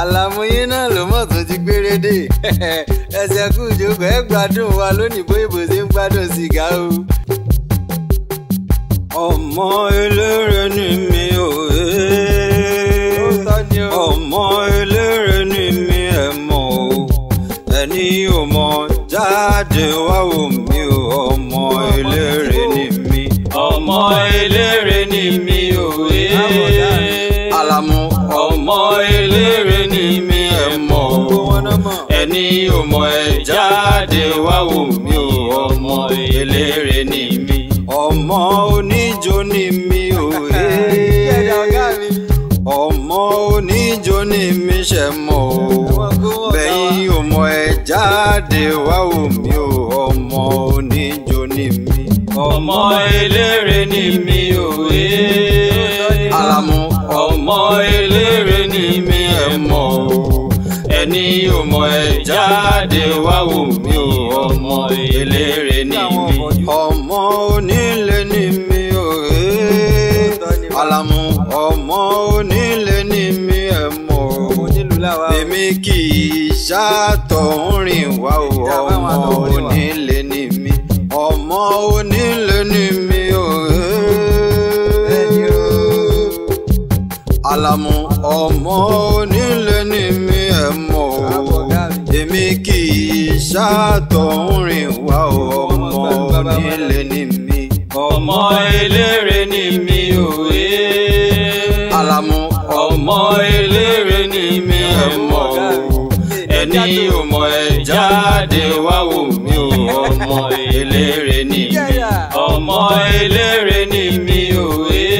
àlàmúyín náà ló mọ̀ tó ti gbérédè ẹsẹ̀ kú ìjókòó ẹ gbádùn wa lónìí bó ìbò ṣe ń gbádùn sìgá o. ọmọ eléré ni mi ò ẹ́ ọmọ eléré ni mi ẹ̀ mọ̀ o ẹni ò mọ̀ jáde wá wò mí o ọmọ eléré ni mi ọmọ eléré ni mi ò ẹ́ eléré ni mi ẹ mọ̀ o ẹni ò mọ̀ ẹ jáde wá wò mí o ọmọ eléré ni mi ọmọ oníjó ni mi o ọmọ oníjó ni mi ṣe mọ̀ o bẹ́yìn ò mọ̀ ẹ jáde wá wò mí o ọmọ oníjó ni mi ọmọ eléré ni mi o alamu ọmọ eléré ni mi mọ̀ o ẹni ò mọ̀ ẹ jáde wá wò mí o ọmọ eléré ni mi ọmọ onílé ni mí o alamu ọmọ onílé ni mí ẹ mọ̀ o èmi kì í ṣàtọ̀ ń rìn wá o ọmọ onílé ni mi ọmọ onílé. Àlàmú ọmọ onílé ni mi ẹ̀ mọ̀ o èmi kì í ṣàtọ̀ ń rìn wá o ọmọ onílé ni mi ọmọ eléré ni mi ò yé Àlàmú ọmọ eléré ni mi ẹ̀ mọ̀ o ẹni ò mọ̀ ẹ̀ jáde wá wò mí o ọmọ eléré ni mi ọmọ eléré ni mi ò yé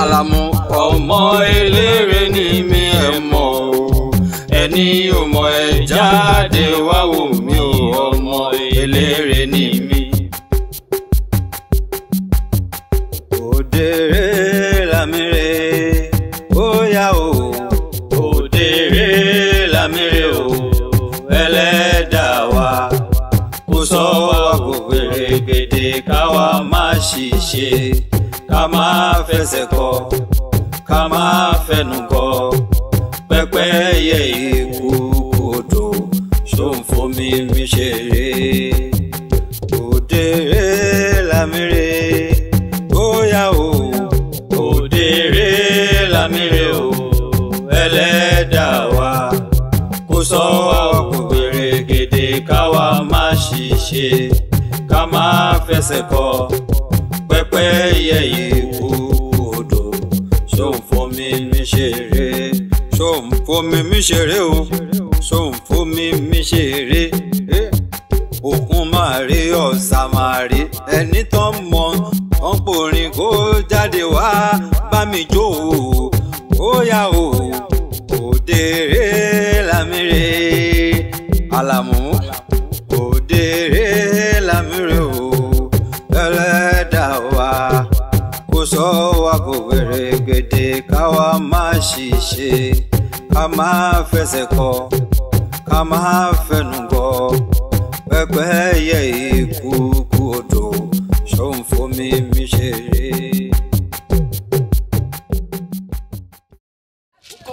Àlàmú eléré ni mi ẹ̀ mọ̀ o ẹni ò mọ̀ ẹ jáde wá wò mí o ọmọ eléré ni mi. òdèrè làmìrè ó yá o òdèrè làmìrè o ẹlẹ́dàá wa kò sọ wá gbogbo gèdè káwa má ṣiṣẹ́ ká má fẹsẹ̀ kọ ká máa fẹnu kọ pẹ́pẹ́yẹ ewu odò ṣó ń fomi mi ṣeré òdèrè lámìrè bóyá o òdèrè lámìrè o ẹlẹ́dàá wa kó sọ wá òkùnkùnrin gèdè káwa má ṣiṣẹ́ ká má fẹsẹ̀ kọ pẹ́pẹ́yẹ ewu ṣeré ṣó ń fomi mi ṣeré o ṣó ń fomi mi ṣeré òkun máa rí ọ̀sà máa rí ẹni tó ń mọ ọ̀npọ̀rin kó jáde wá bá mi jó o ó yá o òde rèé lámìrè àlàmú. sọ wá bò wèrè gbèdé káwa máa ṣiṣẹ́ ká máa fẹsẹ̀ kọ ká máa fẹnu gọ pẹpẹ yẹ ikú kú odò ṣòun fomi mi ṣeré.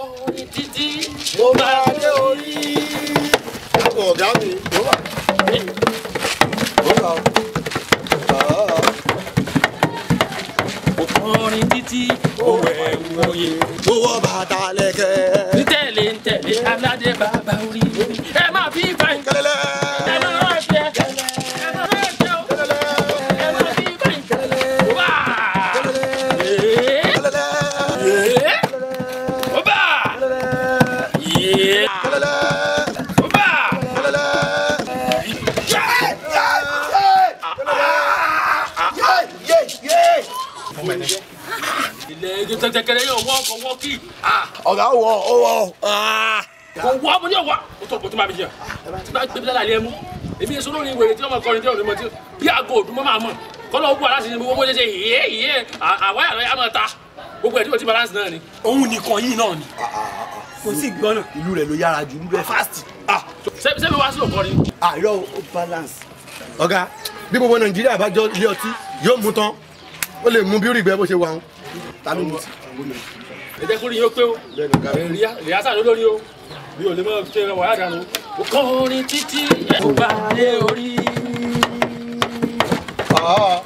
orin títí mo máa dé orí. ọ̀gá mi ló wà. ló wà o. orin títí òwe òye owó bàtà lẹ́kẹ́. ń tẹ̀lé ń tẹ̀lé aládé bàbá orí. tẹ̀tẹ̀kẹ̀rẹ̀ yóò wọ́ ọkọ̀ wọ́ kí. ọ̀gá wọ ọ wọ. kò wọ́ mo ní ọ̀wá mo tó kòtò máa mi jìyà tí bá gbé bílálà lé mú èmi èso lórí wèrè tí wọ́n mọ̀ kọrin tí wọ́n mọ̀ tí bí aago òdùn mọ́ máa mọ̀ kọ́lọ́ ogun aláṣẹ ni mo wọ́n ṣe yíyé yíyé àwáyà rẹ̀ á máa ta gbogbo ẹ̀ tí mo ti balance náà ni. òun nìkan yìí náà fast. sẹ́mi wá ta ló mutí. ẹ jẹ́ kó rí yín ó pé o rìhásà ló lórí o mi ò lè mọ ṣe wàhálà dànù. ó kọ́ orin títí ẹ̀ ó bá dé orí. ó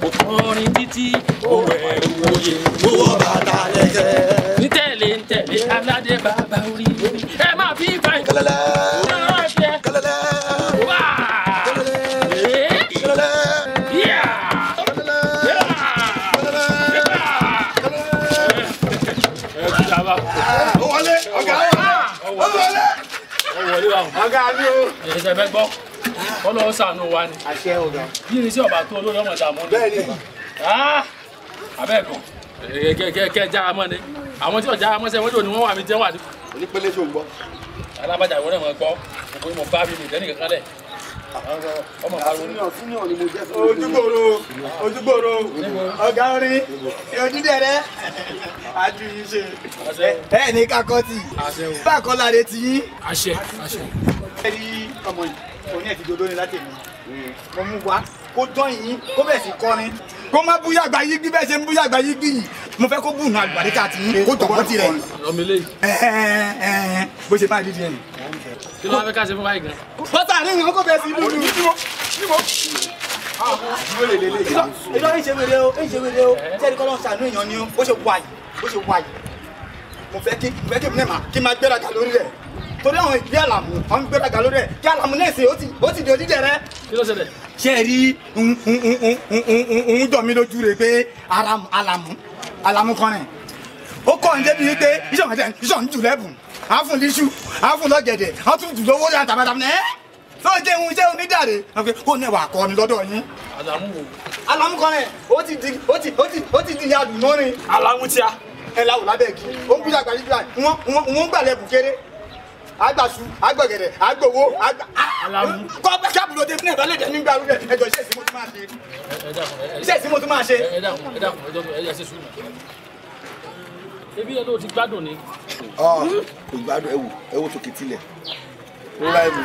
kọ́ orin títí ó rẹ̀ òye. owó bàtà lẹ́sẹ̀. nítẹ̀lé nítẹ̀lé aládé bàbá orí orí ẹ máa fi báyìí. wa o. ọ̀gá mi o. ẹ̀sẹ̀ fẹ́ gbọ́ wọ́n lọ́wọ́ sànú wa ni. àṣẹ ọ̀gá. yìí ni sí ọ̀bà tó olórí ọmọ ìdààmú ni. bẹ́ẹ̀ ni. Ah, abẹ́ẹ̀kan kẹ́kẹ́ já a mọ́ ni àwọn tí ọ̀já a mọ́ sẹ́ wọ́n jò ní wọ́n wà mí jẹ́ wà ní. onípele ṣòǹgbọ́. alábàjá ìwọ náà mọ̀ gbọ́ òkú mọ̀ bá mi nì ojúgbòrò ojúgbòrò ọ̀gá orin ojúdẹrẹ àjù yìí ṣe bẹ́ẹ̀ ní kakọtì bákan láre ti yín. àṣẹ àṣẹ. ẹ rí ọmọ yìí òní ẹ̀ ti dodo ni láti mi mo mú wa kó dán yín kó bẹ̀ sí kọrin kó má búyà àgbà yìí bí bẹ́ẹ̀ ṣe ń búyà àgbà yìí yìí mo fẹ́ kó bùnú àgbàdé ká ti yín kó tọ̀wọ́ tirẹ̀. bó ṣe máa dídí ẹ̀yìn. kí ló wá fẹ́ ká ṣe fún báyìí gan. bọ́tà àárín ìhàn kò bẹ̀rẹ̀ sí inú ìlú. ìlọ ìṣe wèrè o ìṣe wèrè o jẹ́rìí kọ́ lọ́sàn-án ní ìyàn ni ó bó ṣe wà yìí bó ṣe wà yìí mo fẹ́ kí mo fẹ́ kí mi náà kí n máa gbéra kà lórí rẹ̀ torí àwọn ìgbé àlàmù àwọn ìgbé dàgbà lórí ẹ̀ kí àlàmù náà ṣe ó ti di odídẹ rẹ. kí ló ṣẹlẹ̀. ṣé ẹ rí ń jọ mi lójú rẹ pé àlàmù àlàmù kan rẹ̀ ó kọ́ ǹjẹ́ bíi pé iṣan jù lẹ́bùn àáfùn líṣu àáfùn lọ́gẹ̀dẹ̀ àtún jù lówó yà tàbátàbá ẹ́ tó jẹ́ ohun jẹ́ onídàre ó ní ẹwà akọni lọ́dọ̀ yín. àlàmù wo. àlàmù kan rẹ̀ ó ti di ó ti ó ti ó ti di ìyá àdùnnú ni. àlàmù tíá. ẹ láwù lábẹ́ kí ó ń gbúdàgbà nígbà wọ́n wọ́n gbàlẹ́ bùkéré agbasu agbẹgẹdẹ agbowó agba. Ah, kọ́ sábà lóde fún ẹ̀dọ́ lẹ́dẹ̀ẹ́ nígbà rúbẹ̀ ẹjọ́ iṣẹ́ ìsinmi tó máa ṣe. iṣẹ́ ìsinmi tó máa ṣe. ebi yẹn ló ti gbádùn ni. ọ ìgbádùn ẹwù ẹwù tòkè tilẹ̀ rúra ẹ̀mí.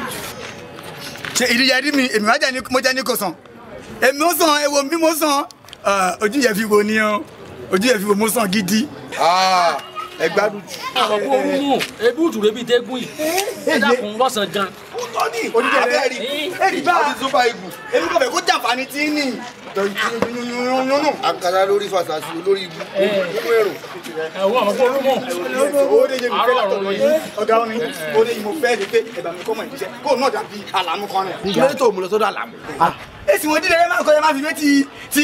ṣe ìdíyà ẹdí mi èmi wájà ní mo jẹ́ ní kò sàn èmi ó sàn ewo bí mo sàn ojú yẹn fi wo ni ojú yẹn fi wo mo sàn gidi. Ah ẹ gbádùn jù. àkọ́kọ́ ohun mú ebí òtúrò bíi tẹ́gùn yìí eh, eh, ẹ eh, dákun lọ́sàn-án gan. ó tọ́ ní oníjẹ̀rẹ̀ ẹ̀rí ẹ̀rí bá ọdún tó bá egbò èmi kò fẹ́ kó jàǹfààní tí ń nì yúnú àkàrà lórí fàṣàṣì olórí ibu gbogbo èrò. ẹ̀wọ̀n àwọn ọmọ olómọ̀ àárọ̀ ọ̀rọ̀ yìí. ọ̀gá omi ó ní mo fẹ́ẹ́ rí pé ẹ̀bà mi kọ́ mọ̀ ìjíṣẹ́ kóun náà dàbí àlàmú kan rẹ̀ èsì wọn dídẹrẹ máa ń kọ ẹ máa fi wé ti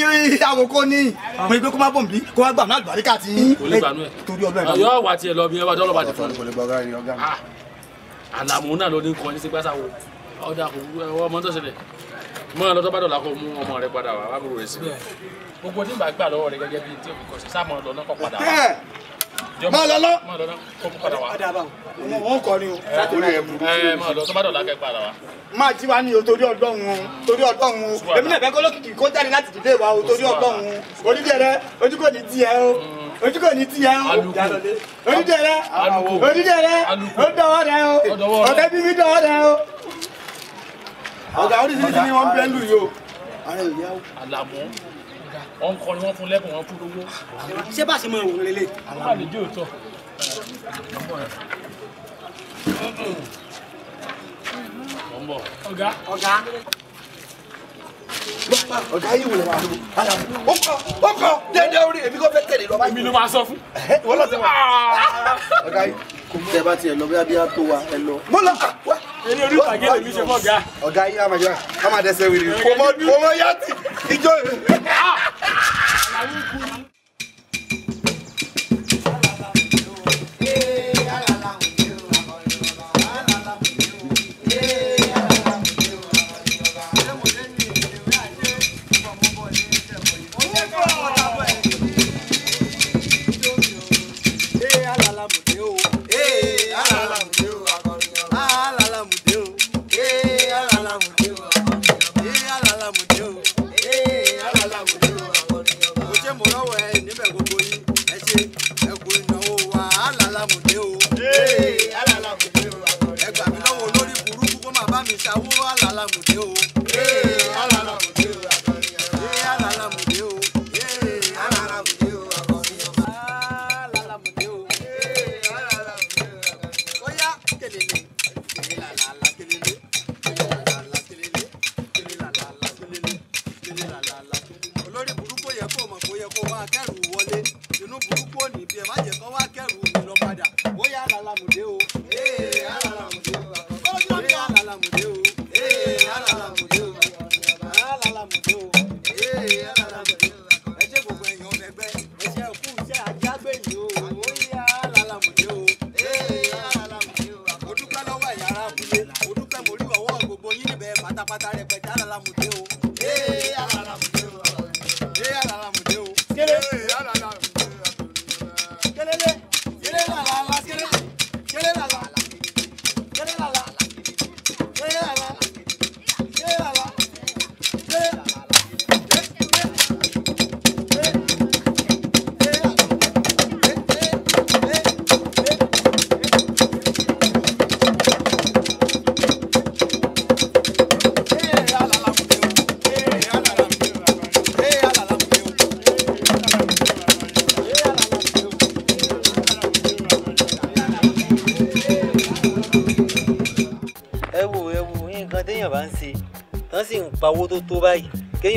àwòkọ ní mo ìgbé kó má bọ̀ nbí kó má gbà má àlùbáríkà tí torí ọlọ́ọ̀ ẹ̀ yọ wà tiẹ̀ lọ bí ẹ bá dọ́lọ́ bá ti fún un. Ah, àlàmú náà ló ní kọ́ ní sígbàsá wo ọ̀dà kò ọmọ tó ṣẹlẹ̀ mọ́ ẹ lọ́tọ́ bá dọ̀là kó mú ọmọ rẹ padà wá wá búrò rẹ sí. gbogbo nígbà gbà lọ́wọ́ rẹ gẹ́gẹ́ bíi tí máa lọ lọ. máa lọ lọ kó padà wá. wọn kọ ni o. ẹ máa lọ tó bá dọ̀la kẹ́ padà wá. máa jí wa ni o torí ọdọ́run o torí ọdọ́run o èmi náà fẹ́ kó lókìkí kó jáde láti dìde wa o torí ọdọ́run o onídìí rẹ ojú kò ní tiẹ̀ o mm. ojú kò ní tiẹ̀ o onídìí rẹ onídìí rẹ ó dọwọ́ rẹ o ọ̀tẹ́ bíbí dọwọ́ rẹ o. ọ̀gá oríṣiríṣi ni wọ́n ń bẹ́ẹ̀ lù yìí o. Àlàmú wọ́n ń kọ́ ni wọ́n fún lẹ́kùn wọn fún lówó. ṣé bá a ṣe mọ ìwòrán lélẹ̀. àwọn àlejò ò tọ̀. ọ̀gá. ọ̀gá ọ̀gá yìí wò lọ́wọ́ àlọ́ àlàfo o kọ́ ó kọ́ dédé orí èmi kò fẹ́ tẹ̀lé lọ́ba yìí. mi ló máa sọ fún. wọ́n lọ sí wa. ọ̀gá yìí kò mú. tẹ bá tiẹ̀ lọ bí abíyá tó wa ẹ lọ. mo lọ wá. eré orí ìtàgé lè mi ṣe fún ọ̀gá. ọ̀gá yìí àmàjọ àmàdẹsẹ̀ wìrì kò mọ yá ti ìjọ. Ah! àlàyé kú ni.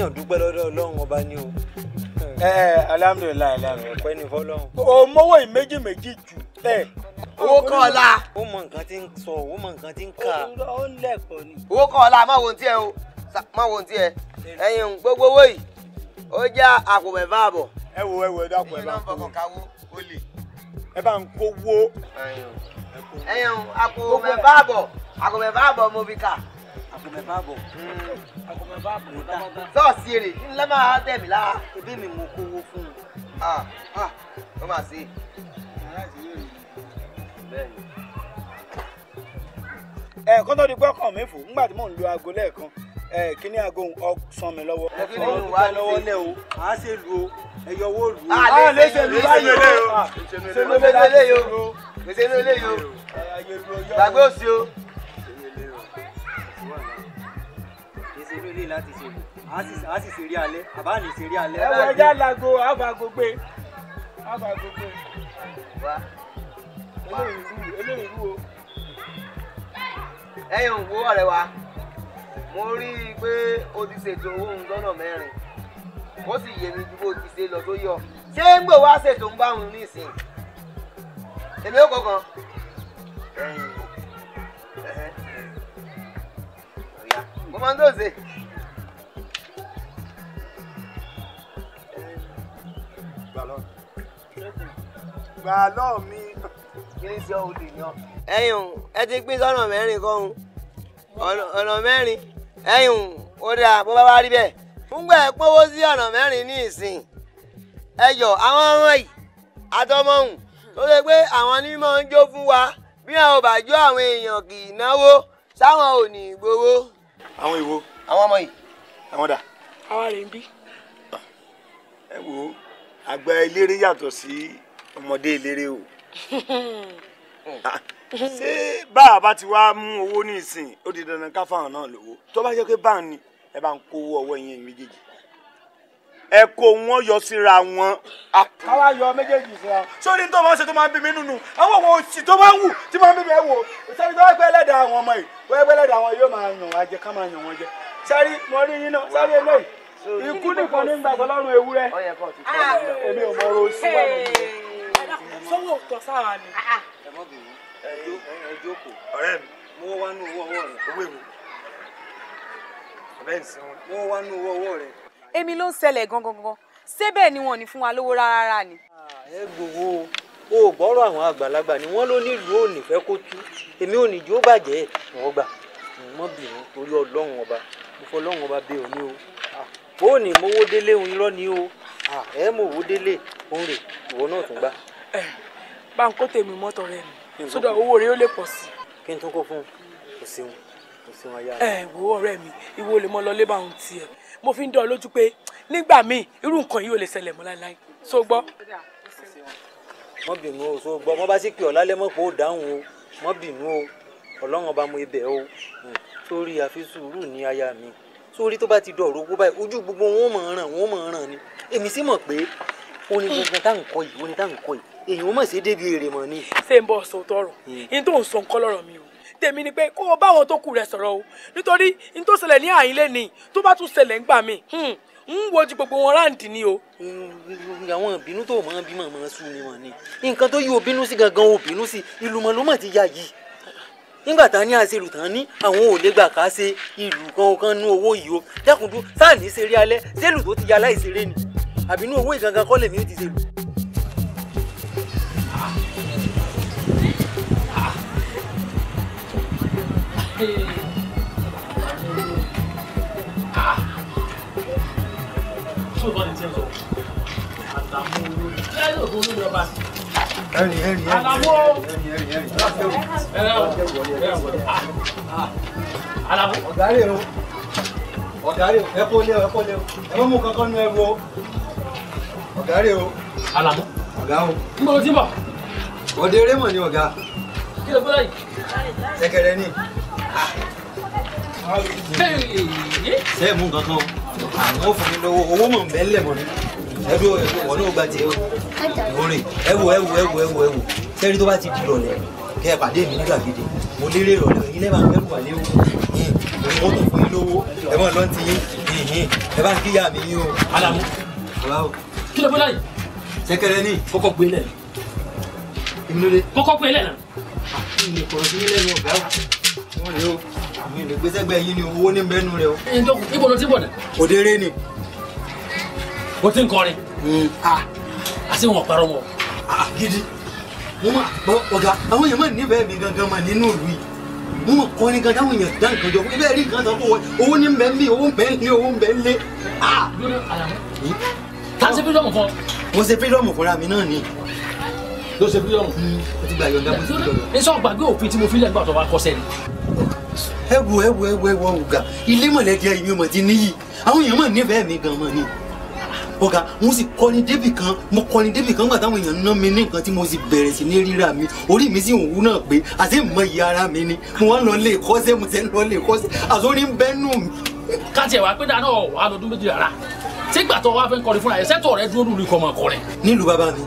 kéèyàn dúpẹ́ lọ́dọ̀ ọlọ́run ọba ni o. ẹ ẹ alhamdulilayi alhamdulilayi. ọpẹ́ ni fọ́lọ́run. o mọwọ ìméjì méjì jù ẹ owó kan ọ̀la. ó mọ nǹkan tí ń sọ ó mọ nǹkan tí ń kà. ó ń lẹ̀kọ̀ ni. owó kan ọ̀la má wo ti ẹ o má wo ti ẹ ẹyin gbogbo owó yìí ó jẹ́ àpò mẹ́fà ẹ wo ẹ wo ẹ dákun ẹ bá ń kówó ẹ bá ń kówó. ẹyin àpò mẹ́fà àbọ̀ àpò mẹ́fà àbọ̀ mo fi kà. àpò mẹ́fà sọ́ọ̀sì èrè ńlá máa tẹ̀mí láà ebí mi mo kówó fún un ó mà sí. ẹ tó di pé mi fò nígbà tí mò ń lo aago lẹ́ẹ̀kan kíní aago ọ̀sán mi lọ́wọ́. ẹ fi lóyún lọ́wọ́ lẹ́ o àá ṣe lu o ẹyọ owó lu o. a lè ṣe lu báyìí o ṣe lu eléyìí o ṣe lu eléyìí o gbàgbé òsì o. eléyìí láti ṣe á sì ṣeré alẹ́ àbá ní ṣeré alẹ́. ẹ wọ ẹja lago àbàgò gbé àbàgò gbé eléyìí rú o. ẹ̀yin òwò ọ̀rẹ́ wa mo rí i pé o ti ṣètò owó òun lọ́nà mẹ́rin ó sì yẹ mi ju bó ti ṣe lọ tó yọ ṣé ń gbò wá ṣètò ń bá òun nísìn èmi ó kọkàn. Comandante. gbà lọ́ọ̀ mi kì í ṣe olè yan. ẹ̀yin ẹ ti pín sọ́nà mẹ́rin kọ́hún ọ̀nà mẹ́rin ẹ̀yin ó dáa bó bá wá rí bẹ́ẹ̀ fúngbà ẹ̀ pọ́wọ́ sí ọ̀nà mẹ́rin ní ìsìn ẹ̀yọ̀ àwọn ọmọ yìí àtọmọ́hùn tó ṣe pé àwọn ní mọ̀ ń jó fún wa bí àwọn bá jó àwọn èèyàn kì í náwó sáwọn ò ní gbowó. àwọn ìwo àwọn ọmọ yìí àwọn dà. àwa rè ń bí. ẹ wo àgbà eléré yàtọ̀ sí ọmọdé eléré o ṣé báà ti wá mú owó ní ìsìn ó di dandan ká fáwọn náà lówó tó bá jẹ́ pé báà ni ẹ bá ń kówó ọwọ́ yẹn méjèèjì ẹ kó wọn yọ síra wọn. káwá yọ méjèèjì síra. sórí tó máa ń ṣe tó máa ń bí mi nínú àwọn òwò òsì tó máa ń wù tí máa ń bí mi ẹ wò sẹ́ni tó wá gbẹ́ ẹlẹ́dàá àwọn ọmọ yìí wọ́n gbẹ́ ẹlẹ́dàá àwọn yóò máa yàn wọ́n jẹ ká máa yàn wọ́n jẹ sẹ́ni mo rí yín náà sẹ́ni eléyìí ikú nìkan ní gbàgbọ́ lọ́rùn ewúrẹ́ ah, eh, èmi ò mọ̀ ọ́ sí wà mí. sọ́wọ́ tọ́ sára ni. Ah, ah. ẹ jókòó ọ̀rẹ́ mi mo wá nú owó ọwọ́ rẹ̀ owó èmi ọ̀rẹ́ mi wọn mo wá nú owó ọwọ́ rẹ̀. èmi ló ń ṣẹlẹ̀ gangan gangan ṣé ni wọn ò ní fún wa lówó rárá ni. ẹ gbowó o ò gbọ́rọ̀ àwọn àgbàlagbà ni wọ́n ló nílùú ò ní fẹ́ kó tú èmi ò ní jó bàjẹ́ wọ́n gbà torí ọlọ́run ọba mo fọ́ ọlọ́run ọba bẹ́ẹ̀ ò ní o ó ní mowó délé òun irọ́ ni o ẹ mọ owó délé òun rè ìwọ náà tún gbá. bá ń kó tèmi mọ́tò rẹ nù sódà owó rẹ ó lè pọ̀ sí. kí n tún kó fún un kò sí wọn kò sí wọn yára. ẹ wo ọ̀rẹ́ mi ìwọ lè mọ lọ lé báwọn tiẹ̀ mo fi ń dán ọ lójú pé nígbà míì irú nǹkan yìí ò lè ṣẹlẹ̀ mọ́ láéláé so gbọ́. mọ́ bínú o so gbọ́ mọ́ bá sì pè ọ́ lálẹ́ mọ́ pé ó dáhùn o mọ́ bínú o ọlọ́run ọba mo ibẹ̀ o hm, sórí àfi sùúrù ní aya mi sórí tó bá ti dọ̀rọ̀ owó báyìí ojú gbogbo wọn mọ̀ ràn wọn mọ̀ ràn ni èmi sì mọ̀ pé ó ní gbogbo tá à ń kọ yìí ó ní tá à ń kọ yìí èyí wọn mọ̀ sí débi èrè mọ̀ ni. ṣé n bọ sọ tọrọ hmm. n tó ń sọ nǹkan lọ́rọ̀ mi o tèmi ni pé kó o bá àwọn tó kù rẹ sọ̀rọ̀ o nítorí n tó ṣẹlẹ̀ ní àyín lẹ́ni tó bá tún ṣẹlẹ̀ ńgbà mi ń hmm, wojú gbogbo wọn ráǹdì ni o. Hmm, àwọn ìbínú tó mọ̀ ń mọ̀ ń sú ni wọ́n ni nǹkan tó yí obínú sí gangan obínú sí ìlú mọ̀ ló mọ̀ ti yá yìí nígbà tá a ní àṣelù tán ní àwọn ò lè gbà ká ṣe ìlú kankan nú owó yìí o dákúndú sáà ní ṣeré alẹ́ ṣèlù tó ti ya láìṣeré ni àbínú owó ìgangan kọ́lẹ̀ mi ò ti ṣèlù. tó o bá ní tiẹ̀ lọ àdàmú olórí ẹ̀ lọ́ọ́ olórí ọba sí i ẹ̀rìn ẹ̀rìn ẹ̀rìn ẹ̀rìn ọ̀gá rè o ọ̀gá rè o ẹ kó lé o ẹ kó lé o ẹ má mú kankan nú ẹrù o ọ̀gá rè o. Àlàmú. ọ̀gá o. n bọ̀ tí n bọ̀. ọ̀dẹ eré mọ̀ orin ẹwò ẹwò ẹwò ẹwò ẹwò sẹ́rí tó bá ti di ìrọ̀lẹ́ kẹ́ pàdé mi ní gbàgede mo lérè ìrọ̀lẹ́ yín lẹ́ẹ̀ máa fẹ́ wà léwu yín mo fún yín lówó ẹ mọ̀ lọ́ntì yín ẹ bá ń kíyà mí yín o. alamu aláwo. kí ló bọ́lá yìí. sẹkẹrẹ ní. kọ́kọ́ gbé lẹ̀. ìmúlẹ̀. kọ́kọ́ gbé lẹ̀ náà. àfihàn ah, ìkọ̀rọ̀ sí nílẹ̀ ní ọ̀gá wọn rèé o àmì yín ni owó ní àti wọn parọ́ wọn. Ah, ah, gidi mo máa gbọ́ ọ̀gá àwọn èèyàn máa nífẹ̀ẹ́ mi gangan mà nínú ìlú yìí mo máa kọ́ ni gangan àwọn èèyàn dá nǹkan jọ ẹ bẹ́ẹ̀ rí nǹkan tán kó wọ owó ní bẹ́ẹ̀ lé owó bẹ́ẹ̀ lé owó ah! bẹ́ẹ̀ lé. lórí àyàmú ta ṣe fídọ́mù fún ọ. mo ṣe fídọ́mù fúnra mi náà ni. ló ṣe fídọ́mù. Hmm, o ti gba yọ̀ǹda mo ti gbọdọ̀. ẹ sọ gbàgbé òfin tí mo fi lẹ́gbàá tó wá kọ́ sẹ́ni. ẹ wo ẹ wo ẹ wo ẹ wo ọ̀gá ilé mọ̀lẹ́dẹ́ yìí mo ti níyì àwọn èèyàn mọ̀ nífẹ̀ẹ́ mi gan-an ni ọ̀gá mo sì kọrin débì kan mo kọrin débì kan gbà táwọn èèyàn ná mi ní nǹkan tí mo sì bẹ̀rẹ̀ sí ní rírà mi orí mi sì ń wú náà pé àti mọ ìyá ara mi ni mo wá lọ lè e kọ́sẹ́ mo tẹ́ lọ lè e kọ́sẹ́ àsórí ń bẹ́ nù mí. káti ẹ̀ wá pé dáná wà á lọ́dún méjì rárá tí ìgbà tó wá fẹ́ kọrin fúnra ẹ̀ sẹ́tọ̀ rẹ dúró lórí kọ́mọ kọrin. nílùú bàbá mi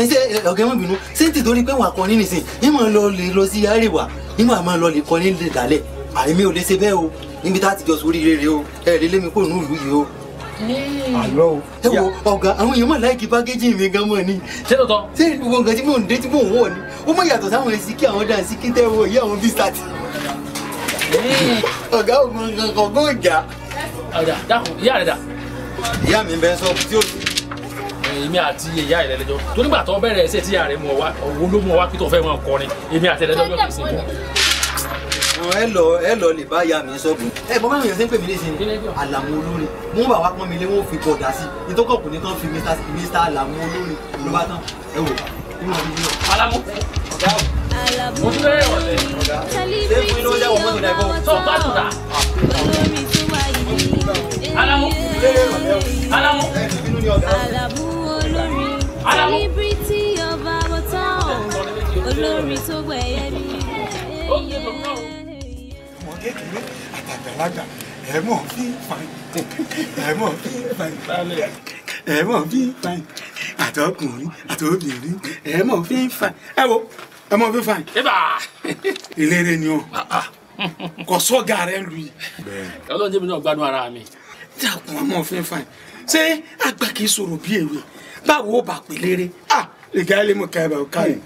ẹsẹ ọgẹ mọ bínú ṣé nítorí pé wọn akọni nìsín ìmọ̀ lọ lè lọ sí àríwá ìmọ̀ àmọ́ lọ lè kọni lè dálẹ̀ àrímí ò lè ṣe bẹ́ẹ̀ o níbi tá a ti jọ sórí rere o ẹ̀ẹ́dẹ́lẹ́mi kò nù ìlú yìí o àlọ́ o. ẹ wo ọ̀gá àwọn èèyàn máa láìkí pákéjì mi gan mọ̀ ni. ṣé lóòótọ́. ṣé ìwọ nǹkan tí mò ń dé tí mò ń wọ̀ ni ó má yàtọ̀ sáwọn ẹ̀sìnkì àwọn dànsíkì tẹ́ wọ yí àwọn bísàtì. ọ̀gá ògùn kankan kò jà. ọ̀dà dákun ìyá rẹ̀ dà. ìyá mi bẹ sọ tí ó ti. èmi àti ìyá rẹ lẹjọ tó nígbà tó bẹ̀rẹ̀ ẹsẹ̀ tí ìyá rẹ mú wá òun ló mú wá pé tó fẹ́ mọ ọkọ ni èmi àti ẹlẹjọ yóò fi ẹ lọ ẹ lọ lè bá ìyá mi sọ́ọ̀bù. ẹ bọ́ báwọn èèyàn ṣe ń pè mí léṣe ni àlàmú olórin mo ń bà wá pọ́n mi lé wọ́n fi bọ̀dà sí i ìtọ́kọ̀ kò ní tán fi mr àlàmú olórin ló bá tán ẹ wò ó ló ń bí wọn. àlàmú ọ̀gá o mo tún bẹ́ẹ̀ ọ̀lẹ́ ọ̀gá ṣé fún iná jẹ́ ọmọ ìlà ẹ̀kọ́ tó bá tún ta. àlàmú àlàmú àlàmú olórin tó gbẹ̀yẹ́ mi ọmọdé kéré àtàgbàlagbà ẹ mọ̀ bí fain ẹ mọ̀ bí fain ẹ mọ̀ bí fain àtọkùnrin àtobìnrin ẹ mọ̀ bí fain ẹ wo ẹ mọ̀ bí fain. ìlérè ni o ah, ah. kò sọ́gà rẹ lu yìí. ọlọ́run jẹ́ mi náà gbádùn ara mi. dàkún ọmọ fẹ́ fain ṣé àgbà kìí sọ̀rọ̀ bí èwe báwo bá pè lérè ah ìgbà ilé mọ̀ ká ẹ bá ká yìí.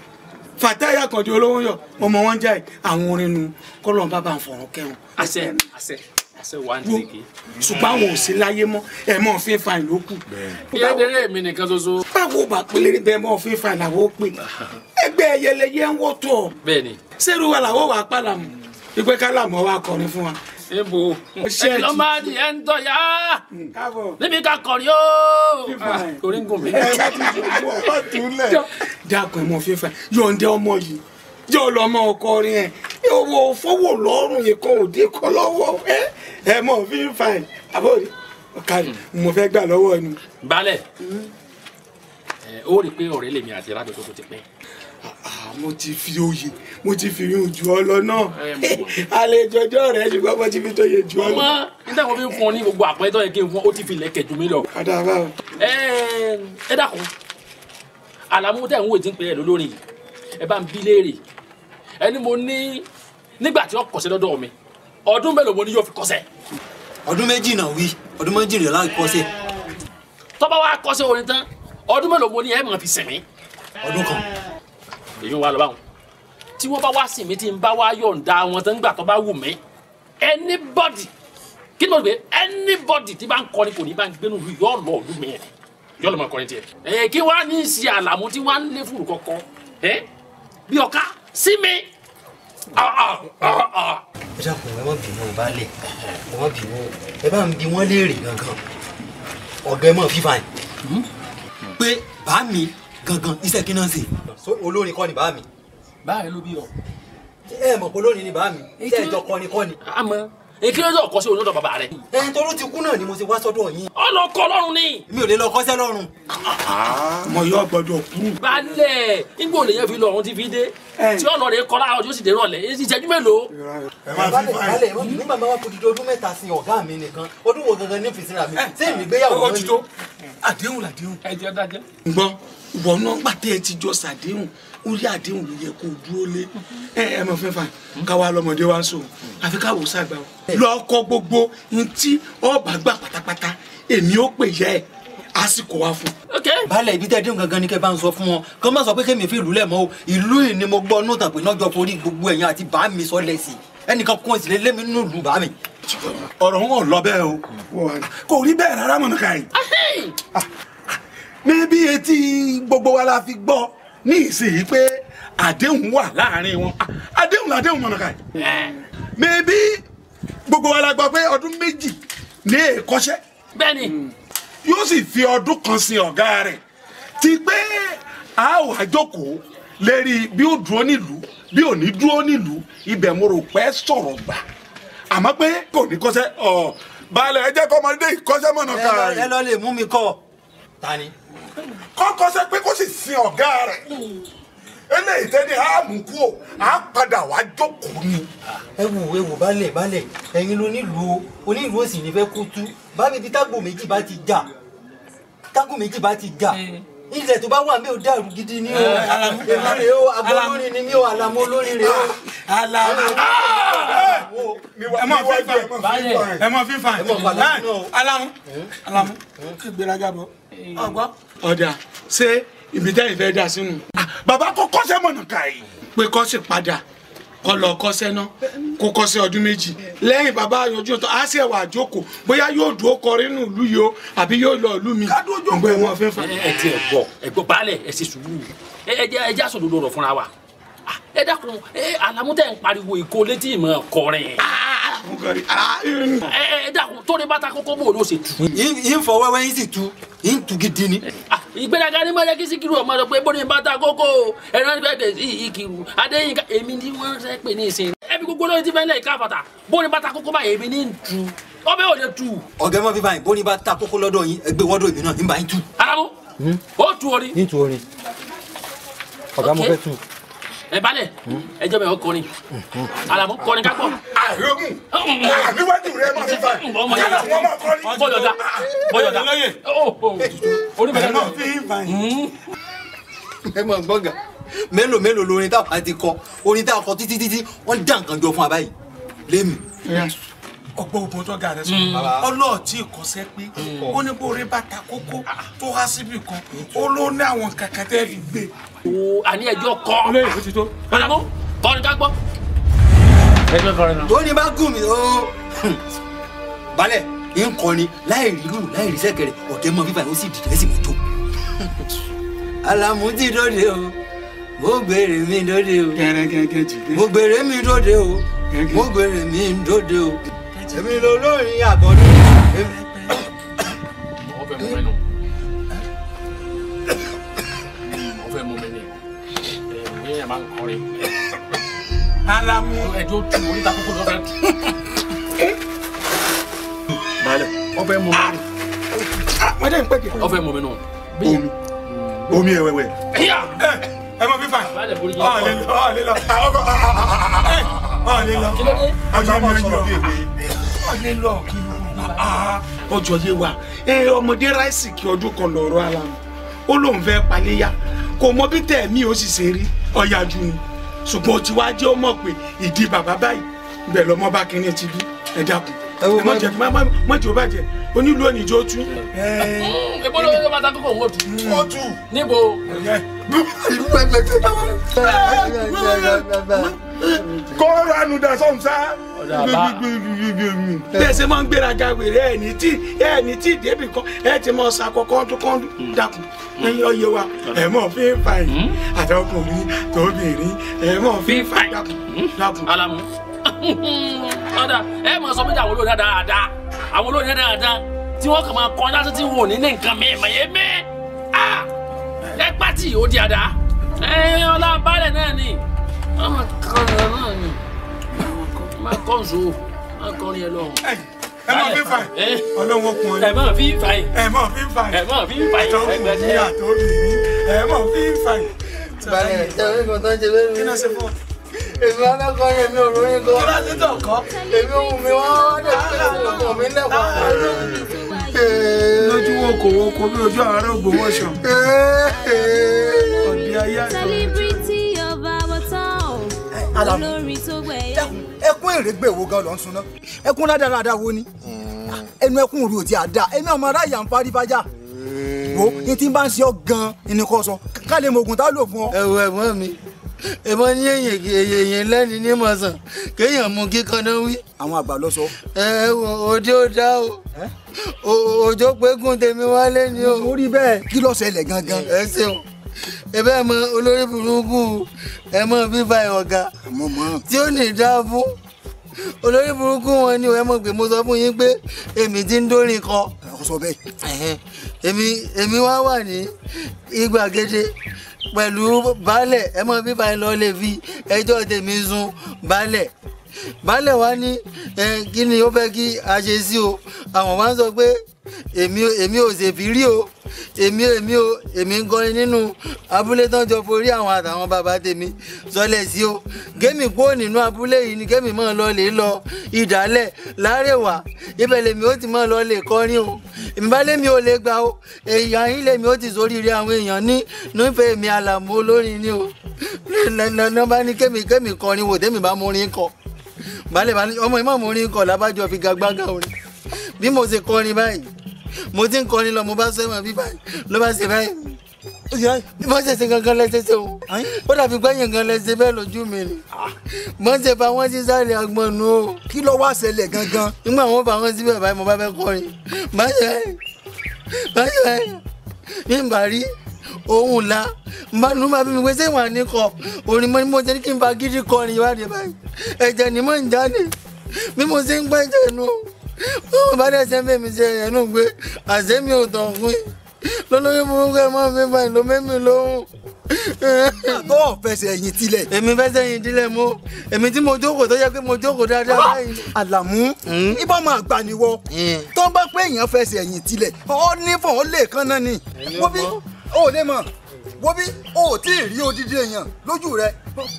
Fatai Àkànjí olówó yọ ọmọ wọn jáì àwọn orin nu kọlọ́n bàbá ń fọ̀rọ̀ kẹrùn. àṣẹ àṣẹ àṣẹ wà ní tèké. ṣùgbọ́n àwọn ò sí láyé mọ́ ẹ mọ́ fi fa ìlú kù. ìyáderé mi nìkan ṣoṣo. báwo bá pélé bẹ́ẹ̀ mọ́ fi fa làwọn ó pè. ẹgbẹ́ ẹyẹlẹyẹ ń wọ́tọ̀. bẹ́ẹ̀ni. sẹ́rù wa làwọn wà á pàlàmù ìgbẹ́kálàmù wa kọrin fún wa níbo ṣe ló máa di ẹ ń tọyà níbi ká kọrí o orí ń gùn mí. ẹ bá ti sọ fún ọba túlẹ̀. dákun ẹ̀mọ́ fífẹ́ yọ̀ǹdẹ́ ọmọ yìí yóò lọ ọkọ rin ẹ̀ owó fọwọ́ lọ́rùn yìí kan òde kọ́ lọ́wọ́ ẹ ẹ mọ̀ fífẹ́ àbórí ọ̀kadì hmm. mo fẹ́ gbà lọ́wọ́ ẹnu. balẹ̀ ó rí i pé ọ̀rẹ́ lèmi àti rábẹ́ tó tó ti pẹ́. Ah, mo ti fi oyè mo ti fi yún jù ọ lọ náà àlejò ọjọ́ rẹ ṣùgbọ́n mo ti fi tó yẹ jù ọ lọ. ọmọ níta wọn fi fún ọ ní gbogbo àpẹẹrẹ tó yẹ kí n fún ọ ó ti fi lẹ̀kẹ̀ jù mí lọ. àdàbà o. ẹ ẹ dàkún àlàmú tẹ̀ ń wò tí ń pè é lólórin yìí ẹ bá ń bí léèrè ẹni mo ní nígbà tí wọ́n kọsẹ̀ lọ́dọ̀ mi ọdún mélòó mo ní yóò fi kọsẹ̀. ọdún méjì náà wí ọdún méjì rẹ̀ láì kọsẹ̀. tọ́ba wa kọsẹ̀ orin tán ọdún mélòó mo ní ẹ̀ mọ̀ fi sẹ̀mí èyí ń wá lọ tí wọ́n bá wá sí mi tí ń bá wá yọ̀ǹda wọn tó ń gbà tó bá wù mí anybody kí ni mo gbé anybody tí bá ń kọrin kò ní bá ń gbénu lu yọ lọ ọdún mi yẹn yọ lọ mọ kọrin tiẹ. ẹ kí wàá ní ìsì àlàmú tí wàá ń lé fùrù kọkọ ẹ bí ọ̀ka sí mi. ẹ dákun ẹ má bínú ọba lẹ ẹ má bínú ẹ bá ń bi wọn léèrè gangan ọgá ẹ má fífa yìí hmm? pé bá mi gangan iṣẹ́ kí náà ṣe. so olórin kọ́ ni bá mi. báyìí ló bí ọ. ẹ mọ̀ pé olórin ni bá mi tẹ́ ẹjọ́ kọ́ni kọ́ni. àmọ́ èkí ló ń kọ́ sí olódò bàbá rẹ̀. ẹni tó ló ti kú náà ni mo ti wá sọ́dọ̀ yín. ọlọkọ lọ́run ni. mi ò lè lọ kọ́sẹ́ lọ́run. mo yọ gbọ́dọ̀ kú. balẹ̀ igbó lèyàn fi lọ ọ̀hún ti fi dé tí ọ̀nà rẹ̀ kọ́ láàrọ̀ tí ó sì dé rọ̀lẹ́ èyí ti jẹ́jú mélòó. balẹ̀ ní màmá wa kò ti di ọdún mẹ́ta sin ọ̀gá mi nìkan ọdún wo gangan ní fìsíra mi sẹ́yìn mi gbéyàwó ìwọ náà gbà tẹ́ ẹ ti jọ sàdéhùn orí àdéhùn ló yẹ kó o dúró lé ẹ ẹ mọ fẹfà káwa lọmọdé wa ń sòwò àfi káwọ sàgbà o lọ kọ gbogbo ní tí ọba gbà pátápátá èmi ó pè yẹ ẹ àsìkò wa fún. baálẹ̀ ibi tẹ́ ẹ déhùn gangan ni kẹ́ bá ń sọ fún wọn kọ́ máa sọ pé kémi fi ìlú lẹ̀ mọ́ o ìlú yìí ni mo gbọ́ nù tàpé náà jọ forí gbogbo ẹ̀yìn àti bá mi sọ lẹ́sìn ẹnìkan kún ìsìlẹ̀ lẹ́mi nínú ìlú bá mi. ọ̀rọ̀ ń lọ bẹ́ẹ̀ o hmm. kò rí bẹ́ẹ̀ rárá mọ̀nàkà yìí. Ah, ah níbi etí gbogbo wa la fi gbọ́ ní ìsinyìí pé àdéhùn wà láàrin wọn ah, àdéhùn làdéhùn mọ̀nàkà yìí mẹ́bí gbogbo wa la gbọ́ pé ọdún méjì ní èkọ́ṣẹ́ bẹ́ẹ̀ni yóò sì fi ọdún kan sin ọ̀gá rẹ̀ ti pé a ò àjọkòó lérí bí ó dúró nílùú bí ò ní dúró nílùú ibẹ̀ mo rò pé sọ̀rọ̀ gbà àmọ́ pé kò ní kọ́ṣẹ́ ọ̀ balẹ̀ ẹ jẹ́ kọ́ ìkọ́ṣẹ́ mọ̀nàkà yìí. ẹ lọ lè mú mi kọ́ ọ tani. kọ́kọ́ sẹ́ pé kó sì sin ọ̀gá rẹ̀ eléyìí tẹ́lẹ̀ á mú kú o á padà wá jókòó ni. ẹ wò ẹ wò balẹ̀ balẹ̀ ẹ̀yin ló nílùú onílùú òsì ní fẹ́ kú tú bábí ti tágbò méjì bá ti jà tágbò méjì bá ti jà. Eh ilẹ̀ tó bá wà mí ò dàrú gidi ni o èmi ah, ah, rè o agbọ́lórí ni mi ò àlàmú olórí rè o. àlàmú ẹ mọ fífa ẹ mọ fífa àlàmú àlàmú ìgbéraga bọ eh. ọgbọ. ọ̀dà ṣé ibi tẹ́yìn fẹ́ dá sínú. Ah, bàbá kọ́kọ́ sẹ́mọ̀nà kàyí pé kọ́ padà kó lọ kọ́ṣẹ́ náà kó kọ́ṣẹ́ ọdún méjì lẹ́yìn bàbá àyànjú tó á ṣe wà jókòó bóyá yóò dúró kọrin nù lú yìí o àbí yóò lọ ìlú mi ìgbẹ́ wọn fẹ́ fà. ẹ ti ẹ gbọ́ ẹ gbọ́ baálẹ̀ ẹ ṣe sùúrù ẹ jẹ ẹ jẹ àsọdọdọ rọ fúnra wa ah, ẹ dákun ẹ àlàmútẹ ń pariwo ìkó létí ìmọ̀ kọrin mú kan rí. ẹ ẹ dàkún tó ní bàtà kókó bò ló ṣe tu. yìí ń fọ wẹ́wẹ́ yín sì tu yìí ń tu gidi ni. Ah, ìgbéraga ní mọ̀lẹ́kí síkìrù ọmọ rẹ pé bóni bàtà kókó ẹ̀rọ ìgbẹ́gbẹ́ ìkìrù adéyínká èmi ni wọ́n rẹ́ pè ní ìsìn. ẹbí gbogbo lóyún ti fẹ́ lẹ́yìn káfàtà bóni bàtà kókó báyìí èmi ní tu ọbẹ̀ ò lè tu. ọ̀gá mọ́ bíbá yín bóni bàtà kókó lọ́dọ̀ yín ẹgbẹ́ wọ́dọ̀ èmi náà ń bá yín tu. alamu hmm? ó tu orin ẹ balẹ̀ ẹ jẹ́ mi ọ kọrin Àlàmú kọrin ká gbọ́. àyọ̀mù níwájú rẹ máa fi fa yàrá wọn máa kọrin. bọ́yọ̀dá bọ́yọ̀dá oníbẹ̀rẹ̀ náà. ẹ hmm. mọ̀ gbọ́ngàn mélòó mélòó lórin táwọn àti kọ orin táwọn kọ títí títí wọ́n dá nǹkan jọ fún wa lémi ọgbọ́n ogun tó ga rẹ sọ mm. ọlọ́ọ̀tì ìkọsẹ́ pé mm. ó ní bóore bá ta kókó tó há síbì kan ó ló ní àwọn kankan tẹ́ fi gbé. o àní ẹjọ́ kọ ọlọyìn ó ti tó. ọ̀nàmú kọrin ká gbọ́. ẹjọ́ kọrin náà. ó ní bá gùn mí ooo. balẹ̀ ń kọrin láì rí rú láì rí sẹ́kẹ̀rẹ̀ ọ̀tẹ̀ mọ bíbá ó sì dìde sí mọ́tò. alamu ti o mo gbèrè mi dóde o mo gbèrè mi dóde o mo gbèrè mi dóde o èmi lolórin àgọ́dún. ọwọ́ fẹ́ mú mẹ́nu ọwọ́ fẹ́ mú mẹ́nu ẹ̀ máa ń kọrin. alamu ẹjọ́ tu oríta kókó lọ́fẹ́ balẹ̀ ọfẹ́ mú mẹ́nu. wọ́n jẹ́ ìpẹ́kẹ̀. ọfẹ́ mú mẹ́nu. omi omi ẹ̀wẹ̀wẹ̀. ẹ mọ fífa ọ̀ lè lọ ọ̀ lè lọ ah, ọ̀ ah, ah, lè lọ. ọ̀ lè lọ. ọjọ́ mi ò yọ bí èwe lè lọ kí ọjọ́ yé wa ọmọdé ráìsì kí ọdún kan lọ́rọ́ ara wọn ó lóun fẹ́ paléyà kò mọ bí tẹ̀mí ó sì ṣe rí ọ̀yàjú ni ṣùgbọ́n ó ti wá jẹ́ ó mọ̀ pé ìdí bàbá báyìí bẹ̀ lọ́mọ bá kínní ti bí ẹ dákun mọ jẹ mọ jẹ o bá jẹ onílù òní jẹ o tú. ebo ló ń bá dákú kò wó tu. o tu. níbo kó ranù dà sọ̀hún sá. bẹ́ẹ̀ ṣe máa ń gbéraga wèrè ẹ̀ ní tí ẹ̀ ní tí débì kan ẹ̀ ti máa sa kọ́ kọ́ńdúkọ́ńdú dàkún ẹ̀yin ọyẹ wa ẹ̀ mọ̀ fi ń fa yìí àtọkùnrin tóbìnrin ẹ̀ mọ̀ fi ń fa dàkún dàkún. alamu ọ̀dà ẹ máa sọ méjì àwọn olóyè dáadáa àwọn olóyè dáadáa tí wọ́n kàn máa kọ́ dáṣẹ́ tí wọ́n ò ní ní nǹkan mẹ́ẹ̀mẹ́ yé mẹ́ẹ̀ ah! ẹ pàtì ó di àdá ẹ ọlá balẹ̀ náà ni àwọn kan rẹ náà ni máa kọ́ nzó máa kọ́ ni ẹ lọ. ẹ máa fi fà yìí ọlọ́wọ́ kun ọyọ. ẹ máa fi fà yìí. ẹ máa fi fà yìí. ẹ máa fi fà yìí. àtọ́wò mi àtọ́wò mi ẹ máa fi fà yìí. balẹ̀ tẹ̀wé kan tó ń jẹ lórí. kí ló ṣe fún ọ èmi alákọ̀ọ́ yẹn mi ò ròyìn kan. kílá ti tọ̀ kọ́. èmi ò mi wá dẹ̀ sí ọkọ̀ mi lẹ́kọ̀ọ́. lójú wo kò wo kò bí ojú àárẹ̀ ògbómọ̀ṣọ́. Eh, eh. ọ̀dẹ̀ ayé àtọ̀ alamu ẹkún èrègbè wo gan ló ń sun náà ẹkún rádaràda wo ni hmm. ẹnu ẹkún òru òtí àdá ẹnu ọmọ aráyà ń parí bájà hmm. wo ní tí n bá ń ṣe ọ gan ẹni kọ sọ ká lè mọ oògùn tá a lò fún ọ. ẹwọ ẹ̀gbọ́n mi èmọ ní èyàn èyàn lẹ́ni ní mọ̀sán kéèyàn mú kíkan náà wí. àwọn àgbà lọ sọ. ẹ wọ òde ò dá o òjò pé gún tèmi wálé ni o. mo rí bẹ́ẹ̀ kí ló ṣẹlẹ̀ gangan. ẹ ṣeun ẹ bẹ́ẹ̀ mọ olórí burúkú ẹ mọ bíbá ẹ ọ̀gá tí ó ní ìdá fún olórí burúkú wọn ni ẹ mọ̀ pé mo sọ fún yín pé èmi ti ń dórí kọ. ọ sọ bẹ́ẹ̀. èmi èmi wá wà ní ìgbàgede pẹ̀lú baálẹ̀ ẹ mọ bíbá ẹ lọ lè fi ẹjọ́ tèmi sùn baálẹ̀ baálẹ̀ wa ní kí ni ó fẹ́ kí a ṣe sí o àwọn wa ń sọ pé èmi èmi ò ṣèbí rí o èmi èmi ò èmi ń kọrin nínú abúlé tán jọ forí àwọn àtàwọn bàbá tèmi sọlẹ̀ sí o gémi kúrò nínú abúlé yìí ni gémi máa lọ lè lọ ìdálẹ̀ lárẹ̀wà ibẹ̀ lèmi ó ti máa lọ lè kọrin o ìmọ̀lẹ́ mi ò lè gbà o èèyàn yín lèmi ó ti sóríire àwọn èèyàn ní nífẹ̀ẹ́ mi àlàmú olórin ni o nọ́mbà ní kémi kémi kọrin wò tèmi bá mú orin kọ balẹ̀ balẹ̀ ọmọ ìmọ̀ mo rí nǹkan làbájọ fi gagbága orin bí mo ṣe kọrin báyìí mo ti ń kọrin lọ mo bá sẹ́wọ̀n bí báyìí ló bá ṣe báyìí mo ṣẹ̀ṣẹ̀ gangan lẹ́sẹ̀ṣẹ̀ o ó dàbí gbẹ̀yìn gan lẹ́sẹ̀ bẹ́ẹ̀ lójú mi ni ah. mo ṣe bá wọn sí sáré agbọ̀nù o. kí ló wá ṣẹlẹ̀ gangan. nígbà wọn bá wọn síbẹ̀ báyìí mo bá fẹ́ kọrin báyìí báyìí báyìí mi ń òun la manu ma bí mi pé sẹ́wọ̀n àníkọ̀ orin mọ́ ni mo jẹ́ kí n bá gidi kọrin ìwádìí báyìí ẹ̀jẹ̀ ni mo ń jáde bí mo ṣe ń gbẹ́ ẹ̀jẹ̀ nu wọn bá dẹ̀ ṣe ń bẹ̀mí ṣe ẹ̀yẹ̀ gbé àṣẹ mi ò tàn fún yìí lọ́lọ́yẹ́ burúkú ẹ̀ máa fi báyìí ló mẹ́mi lóhùn. àtọ́ fẹsẹ̀ ẹ̀yìn tilẹ̀. èmi fẹsẹ̀ ẹ̀yìn tilẹ̀ mo èmi tí mo jókòó tó yẹ pé mo jókòó dáadáa ah, báyìí. àlàmú hmm? ibà máa gbà ní wọ hmm. tó bá pé èèyàn fẹsẹ̀ ẹ̀yìn tilẹ̀ ọ ní ọ lè kán náà ni o lè mọ̀ wo bí o tí ì rí odidi èèyàn lójú rẹ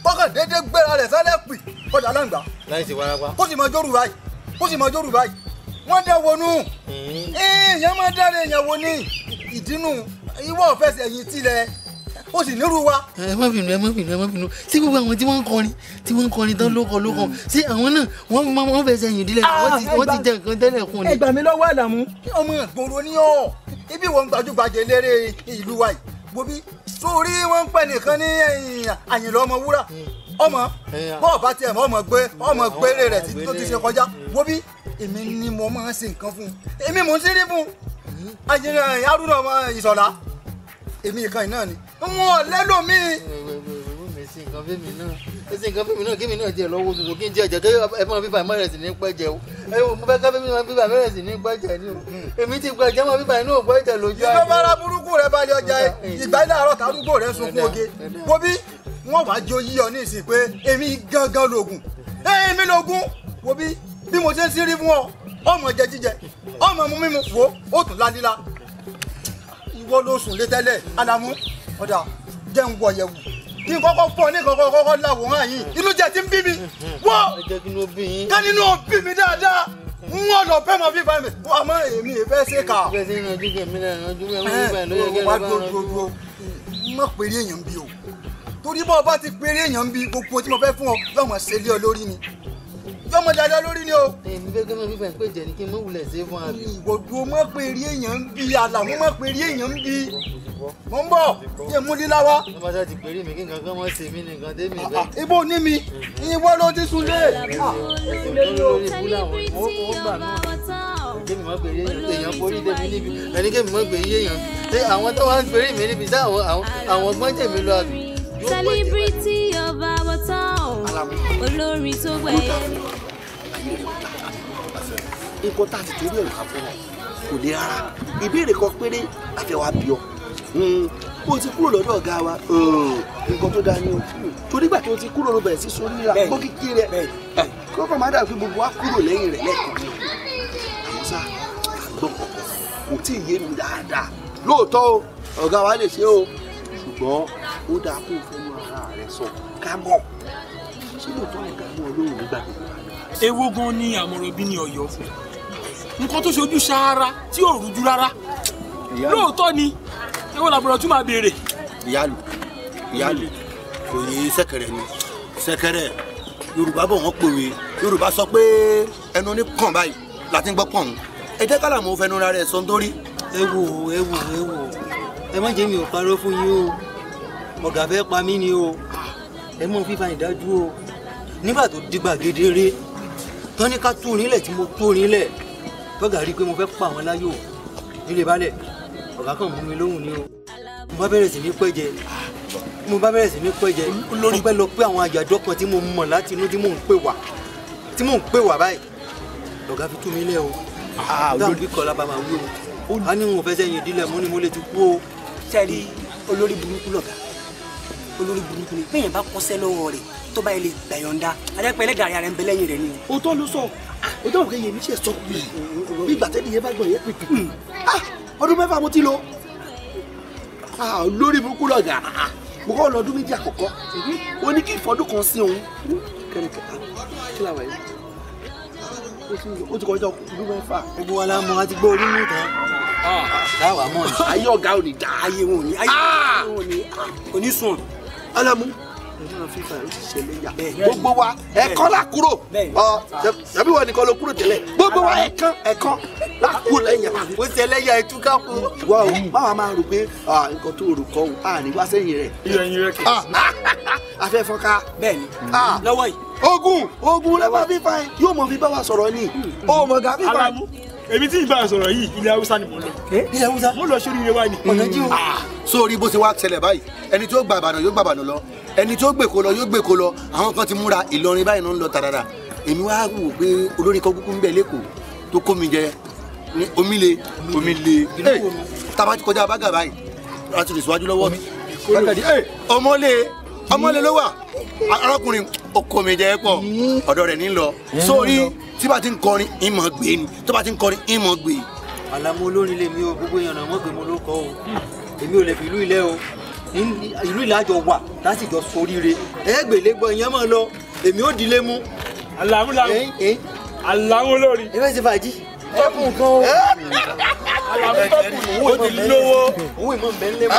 kọ́kàn dédé gbéra rẹ̀ sálẹ̀ pì kọjá láǹgbá. láì sí warapa. kó sì mọ jóru báyìí kó sì mọ jóru báyìí wọ́n dá wọnú hmm. èèyàn máa dára èèyàn wo ní ìdínú ìwọ ọ̀fẹ́sẹ̀ yìí tilẹ̀ ó sì nírú wa. ẹ má bínú ẹ má bínú ẹ má bínú sí gbogbo àwọn tí wọ́n ń kọrin tí wọ́n ń kọrin tán lóko lóko sí àwọn náà wọ́n máa wọ́n fẹsẹ̀ yìndílẹ̀ wọ́n ti jẹ nǹkan tẹ́lẹ̀ kún ni. ẹ gbà mí lọ́wọ́ àdàmú. ọmọ ìgboro ni ọ́ ibi wọn gbajúgbajà eléré ìlú wa yìí wo bí sórí wọn ń pẹ nìkan ní àyìnlọ ọmọ wúrà ọmọ bọ́ọ̀ bá tiẹ̀ mọ́ ọmọ gbé ọmọ gbélé rẹ̀ tí tó ti ṣe kọjá wo bí èmi ni mo máa ń ṣe nǹkan fún un èmi mò ń ṣeré fún un àyìnlọ arúgbó ọmọ ìṣọ̀lá èmi ìkan náà ni wọn ò lẹ́lòmíì. ìwé ìwé ìwé mi ṣe nǹkan fẹ́mi náà ẹsẹ nǹkan fún mi náà kémi náà jẹ lọ́wọ́ tuntun kí n jẹ ẹ̀jẹ̀ kí ẹ fún mi fífa ìmọ̀ rẹ̀ sì ní pẹ́jẹ o ẹ mo fẹ́ ká fún mi máa fífa ìmọ̀ rẹ̀ sì ní pẹ́jẹ ni o èmi ti gba ìjẹ́mọ̀ fífa inú òpó ìtẹ̀ lójú àná. ìfẹ́ bára burúkú rẹ bá yọ ọjà ìgbà ilé àárọ̀ tàdúgbò rẹ sunkún oge wo bí wọ́n wàá jó yíyọ ní ìsìn pé èmi gangan lògùn èmi lògùn wo bí bí mo ṣe ń sírí fún ọ ọmọ jẹ jíjẹ ọmọ mú kí n kọ́kọ́ fún ọ ní kọ́kọ́ kọ́kọ́ láwòrán yìí inú jẹ́ ti ń bí mi wọ́ ká nínú bí mi dáadáa n wọn lọ fẹ́ mọ bí ba mi wọ́n àmọ́ èmi ì fẹ́ ṣe kà. ẹ ẹ wá gbogbo mọ̀ pé èèyàn bí o torí bọ́ọ̀ bá ti pé èèyàn bí gbogbo tí mo fẹ́ fún ọ lọ́mọ ṣe lé ọ lórí ni fẹ́mọ dáadáa lórí ni o. èmi gẹ́gẹ́ mi fífẹ́ pé jẹ́ kí n mọ wulẹ̀ ṣe fún àbí. gbogbo mọ pé rí èèyàn ń bi àlàmú mọ pé rí èèyàn ń bi. mo ń bọ̀ ṣé mú dílá wá. wọ́n bá ti pèrè mi kí nǹkan kan mọ́ ṣe mí ní nǹkan tẹ́mi ìgbẹ́. Ah, ah, ibo ní mi ìwọ ló ti sunlé. olórí ikú làwọn ó gbà náà èèyàn borí débi àwọn tó wá ń pèrè mi níbi sáà àwọn ọgbọ́n jẹ̀mí lọ àbí celebrity of our town olórin tó gbẹ̀yẹ. nǹkan tá a ti torí ẹ̀rọ àbọ̀ kò le rárá ìbéèrè kan péré láfẹ̀wá bí ọ hmm, o ti kúrò lọ́dọ̀ ọ̀gá wa hmm, nǹkan tó dáa ni o torí gbà tó ti kúrò ló bẹ̀rẹ̀ sí sórí ra gbọ́ kíkí rẹ kọ́kọ́ má dàbí gbogbo wa kúrò lẹ́yìn rẹ̀ lẹ́ẹ̀kan ni àmọ́ sá àgbọ̀n kò tí ì yé mi dáadáa lóòótọ́ ọ̀gá wa lè ṣe o ṣùgbọ́n ó dáa kó o fẹnu ara rẹ sọ ká ṣé lóòótọ́ ẹ̀ka mọ́ olóòrùn nígbà gbogbo. ewo gan ni àmọ̀ràn bí ni ọ̀yọ́ nǹkan tó ṣojú ṣáára tí ò rújú rárá lóòótọ́ ni ewo làbọ̀rọ̀ tún máa béèrè. ìyáàlú ìyáàlú kò yé ṣẹ̀kẹ̀rẹ̀ ni ṣẹ̀kẹ̀rẹ̀ yorùbá bọ̀ wọ́n pòwe yorùbá sọ pé ẹnu ní kàn báyìí láti ń gbọ́ pọ̀ ń ẹ jẹ́ kálàmù fẹnu ra sọ ń torí. ẹ wò ó ẹ má jẹ́ mi ò parọ́ fún yín o ọ̀gá fẹ́ pa mí ni o ẹ mọ fífa ìdájú o nígbà tó di gbàgede eré tán ní ká tó orinlẹ̀ tí mo tó orinlẹ̀ tọ́gà rí i pé mo fẹ́ pa àwọn láyò nílé balẹ̀ ọ̀gá kan mú mi lóhùn ni o mo bá bẹ̀rẹ̀ sí ní pẹ́jẹ mo bá bẹ̀rẹ̀ sí ní pẹ́jẹ mo pẹ́ lọ pé àwọn àjàdọ́ kan tí mo mọ̀ láti inú tí mò ń pè wá tí mò ń pè wá báyìí lọ́gá fi tú mi lẹ́ o dáàbí ah, ah, kọ́lá bá máa wí o a ní n ò fẹsẹ̀ yìn mú ni mo lè ti kú o. sẹ́ẹ̀rì olórí burúkú lọ́gàá olórí burúkú ni péyàn bá kọsẹ̀ lọ́wọ́ rẹ̀ tó bá yẹ lè gbàyọ̀ǹda adápẹ́ ẹlẹ́dàá ara rẹ̀ ń bẹ lẹ́yìn rẹ̀ ni o. òótọ́ ló sọ òótọ́ òkè yèmí ṣe sọ bí ìgbà tẹ́lẹ̀ yẹn bá gbọ̀n yẹn pìpì hmm. ah, ọdún mẹ́fà mo ti lọ ah, olórí burúkú lọ̀gà mo kọ́ lọ́dún méjì àkọ́kọ́ ó ní kí ìfọdún kan sí òun kẹrẹkẹta ah, ti kọjá ọdún mẹ́fà. gbogbo wa la mọ àti gbọ́ orí mú tán láwa mọ̀ ní. ayé ọ̀gá ò ní dá ayé wọn ò ní ayé wọn ò ní sùn alamu gbogbo wa ẹ̀kan la kúrò ọ ṣebí wọn nìkan ló kúrò tẹ́lẹ̀ gbogbo wa ẹ̀kan ẹ̀kan la kúrò lẹ́yìn. o ṣe lẹ́yìn ẹ̀túká fún. wá o báwa máa rò pé nǹkan tó rò kọ́ o a ní wá sẹ́yìn rẹ̀. ìyẹn rẹ kì í. afẹ́fọ́ ká. bẹ́ẹ̀ni lọ́wọ́ yìí. ogun ogun lẹ́fà fífa yóò mọ̀ fi bá wa sọ̀rọ̀ ni o hmm. mọ̀ gà fífa. alamu èmi tí ìgbà sọ̀rọ̀ yìí ilẹ̀ haúsá ni mo lọ. ilẹ̀ haúsá mo lọ sórí ilé wa ni. ọ̀nà jí o. Ah, sórí bó ṣe wá ṣẹlẹ̀ báyìí ẹni tí ó gba àbàdàn yóò gba àbàdàn lọ ẹni tí ó gbèkó lọ yóò gbèkó lọ àwọn kan ti múra ìlọrin báyìí ló ń lọ tàdàdà èmi wá wò pé olórin kan kúkú ń bẹ lẹ́kọ̀ọ́ tó kó mi jẹ omi le omi le tabati kọjá bága báyìí a ti lè síwájú lọ́wọ́ ọmọ le ọmọlẹ ló wà arákùnrin ọkọ mi jẹ pọ ọ̀dọ̀ rẹ̀ nílọ sórí tí bá ti ń kọrin ìmọ̀ gbé ni tó bá ti ń kọrin ìmọ̀ gbé. àlàmú olórin lè mi o gbogbo èèyàn náà wọ́n gbé mo ló kọ́ o èmi ò lè fi ìlú ilẹ̀ o ìlú ìlàjọ wà láti jọ soríire ẹgbẹ̀lẹ́gbọ̀ ìyẹn mọ̀ lọ èmi ò dilé mu. àlàmú làwọn àlàmú olórin. ẹ bẹ́ẹ̀ ti fàájì ẹkùn kan o. àlàmú tó kù owó ìmọ̀ lówó. owó ìmọ̀ bẹ́ẹ̀ lé mọ́.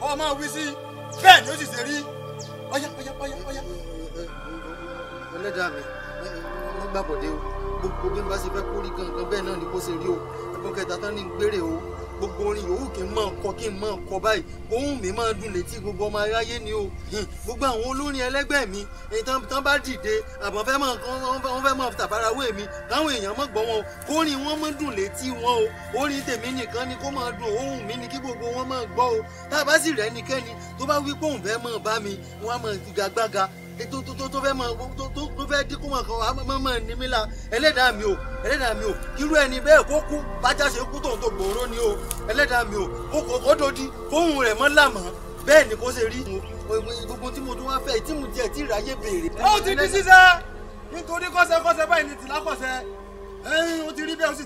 ọ máa wí sí bẹ́ẹ̀ ni ó sì ṣe rí ọyá ọyá ọyá ọyá. ẹlẹ́dàá mi wọ́n gbàbọ̀dé o gbogbo bí n bá ṣe fẹ́ kórìí gangan bẹ́ẹ̀ náà ni kò ṣe rí o ẹ̀gbọ́n kẹta tán ní gbére o gbogbo orin yòówù kí n máa kọ kí n máa kọ báyìí ohùn mi máa dùn létí gbogbo ọmọ aráyé ni o gbogbo àwọn olórin ẹlẹgbẹ́ mi tán bá dìde àbọ̀ fẹ́ máa wọ́n fẹ́ máa tàfarawé mi káwọn èèyàn mọ̀ gbọ́ wọn kórìn wọn máa dùn létí wọn o orin tèmi nìkan ni kó máa dùn ohùn mi ni kí gbogbo wọn máa gbọ́ o tá a bá sì rẹ́ ẹnikẹ́ni tó bá wí pé òun fẹ́ máa bá mi wọ́n á máa gbàgbága tó tó tó fẹ́ máa tó fẹ́ dínkù mọ̀ kọ́ mọ́mọ́ ní mí la ẹlẹ́dàá mi o ẹlẹ́dàá mi o irú ẹni bẹ́ẹ̀ kó kú bájá ṣe kú tòun tó gbòòrò ni o ẹlẹ́dàá mi o kó kó kó dodi kóhùn rẹ̀ mọ́ làmọ́ bẹ́ẹ̀ ni kó ṣe rí gbogbo tí mo tún wá fẹ́ tí mo jẹ́ tí ìráyè béèrè. ó ti di sísẹ nítorí kọ́sẹ̀kọ́sẹ̀ báyìí ni tìlákọ̀sẹ̀ ẹ̀yìn ó ti rí bẹ́ẹ̀ ó sì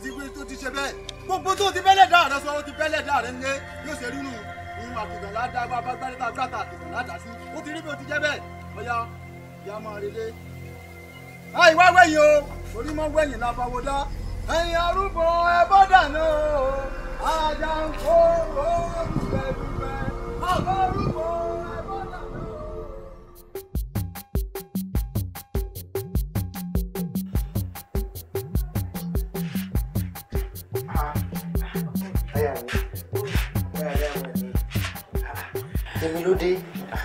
ti ṣe bẹ́ẹ̀ gbogbo tó ti bẹ́lẹ̀ rẹ sọ ó ti bẹ́lẹ̀ rẹ nílé yóò ṣe rí nù ìhun àtìgbà ládàá bá bá gbárí tá a ládàá sí ó ti rí bí ó ti jẹ́ bẹ́ẹ̀ ọ̀ya ìyá máa relé àìwá wẹ̀yìn o orí mọ́ wẹ̀yìn lábàwọ́dá ẹ̀yìn arúgbó ẹ bọ́ dànù o ajá ń kó o dùbẹ̀ dùbẹ̀ àbọ̀ arúgbó ẹ bọ́ dànù. èmi ló dé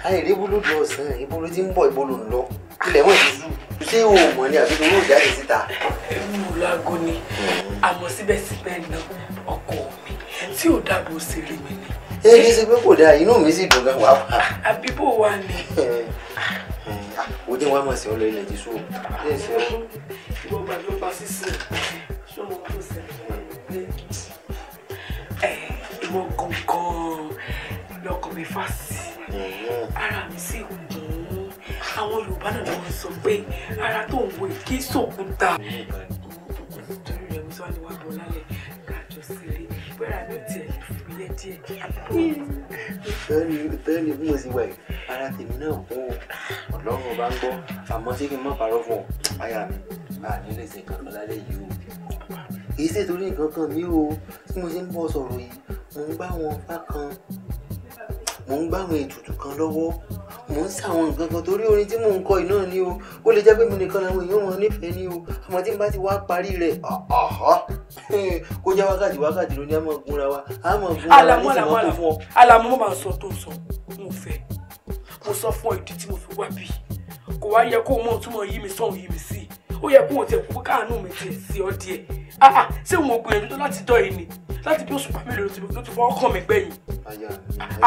àìrí ibú ló lọ ọ̀sán ìbú ló ti ń bọ̀ ìbú ló ń lọ ilẹ̀ mọ̀ jésù ṣé o mọ̀ ni àbí owó ìjáde síta. inú lago ni àmọ́ síbẹ̀síbẹ̀ náà ọkọ mi tí ò dàbò òṣèré mi ni. ẹ kí ṣe pé kò dáa inú mi sì dùn gan wà. àbíbò wa ni. òde wa mọ̀ sí ọ ilẹ̀ jésù ìwọ bá ló pa sísè ṣọwọ́ tó ṣẹlẹ̀ ẹ ìwọ gangan lọkọ mi fà sí ara mi sì hùn àwọn Yorùbá náà ló sọ pé ara tó ń wo ìké sòkúta nítorí rẹ̀ wíṣọ́ ni tẹ́lẹ̀ tẹ́lẹ̀ bí mo ti wà ara tèmi náà kú ọlọ́run ọba ń gbọ́ àmọ́ tí kí n má parọ́ fún ọ àyà mi àní lè ṣe kankan lálẹ́ yìí o kì í ṣe torí nǹkan kan mi o tí mo ṣe ń bọ̀ sọ̀rọ̀ yìí mo ń bá wọn bá kan mo ń bá àwọn ètùtù kan lọ́wọ́ mò ń sàwọn nǹkan kan torí orin tí mò ń kọ iná ni o ó lè jẹ́ pé mi nìkan làwọn èèyàn wọn nífẹ̀ẹ́ ni o àmọ́ tí n bá ti wá parí rẹ̀ kó jẹ́ wákàtí wákàtí lóní àmọ́ gúnra wa àmọ́ gúnra wa ní ìsìnkú fún ọ. alamu mo máa sọ tó sọ mo fẹ́ mo sọ fún ọ ìdí tí mo fi wá bí kò wá yẹ kó o mọ̀ túmọ̀ yí mi sọ̀hún yí mi sí ó yẹ kó o tẹ̀ kó káàánú mi tẹ̀ sí ọ díẹ̀ ah, ah. ṣé mo gbìyànjú tó láti dọ́ yìí ni láti bí òṣùpá mélòó ti tó ti fọ́ ọkàn mi gbẹ̀yìn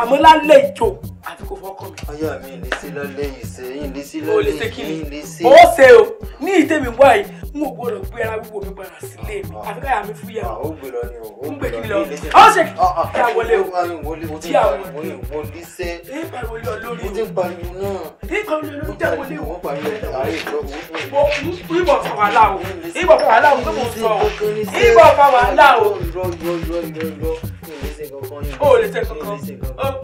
àmọ́ lálẹ́ ìjọ àti kò fọ́ ọkàn mi. ọyọ mi lè ṣe lálẹ́ ìṣe yìí lè ṣe lálẹ́ ìṣe lè ṣe. o ṣe o ní ìtẹ̀mí wá yìí n ò gbọdọ̀ gbé ara wíwo mi padà sílé mi ah, ah. àfi káyà mi fúyà ah, o n gbé kí lọ ọ ṣe kí a wọlé o tí a wọlé o ẹ bá wọlé ọ lórí o ẹ bá wọlé ọ já wọlé o mo ìbọ̀ fà wàhálà o ìbọ̀ fà wàhálà o pé mo sọ ìbọ̀ fà wàhálà o o lè ṣe kankan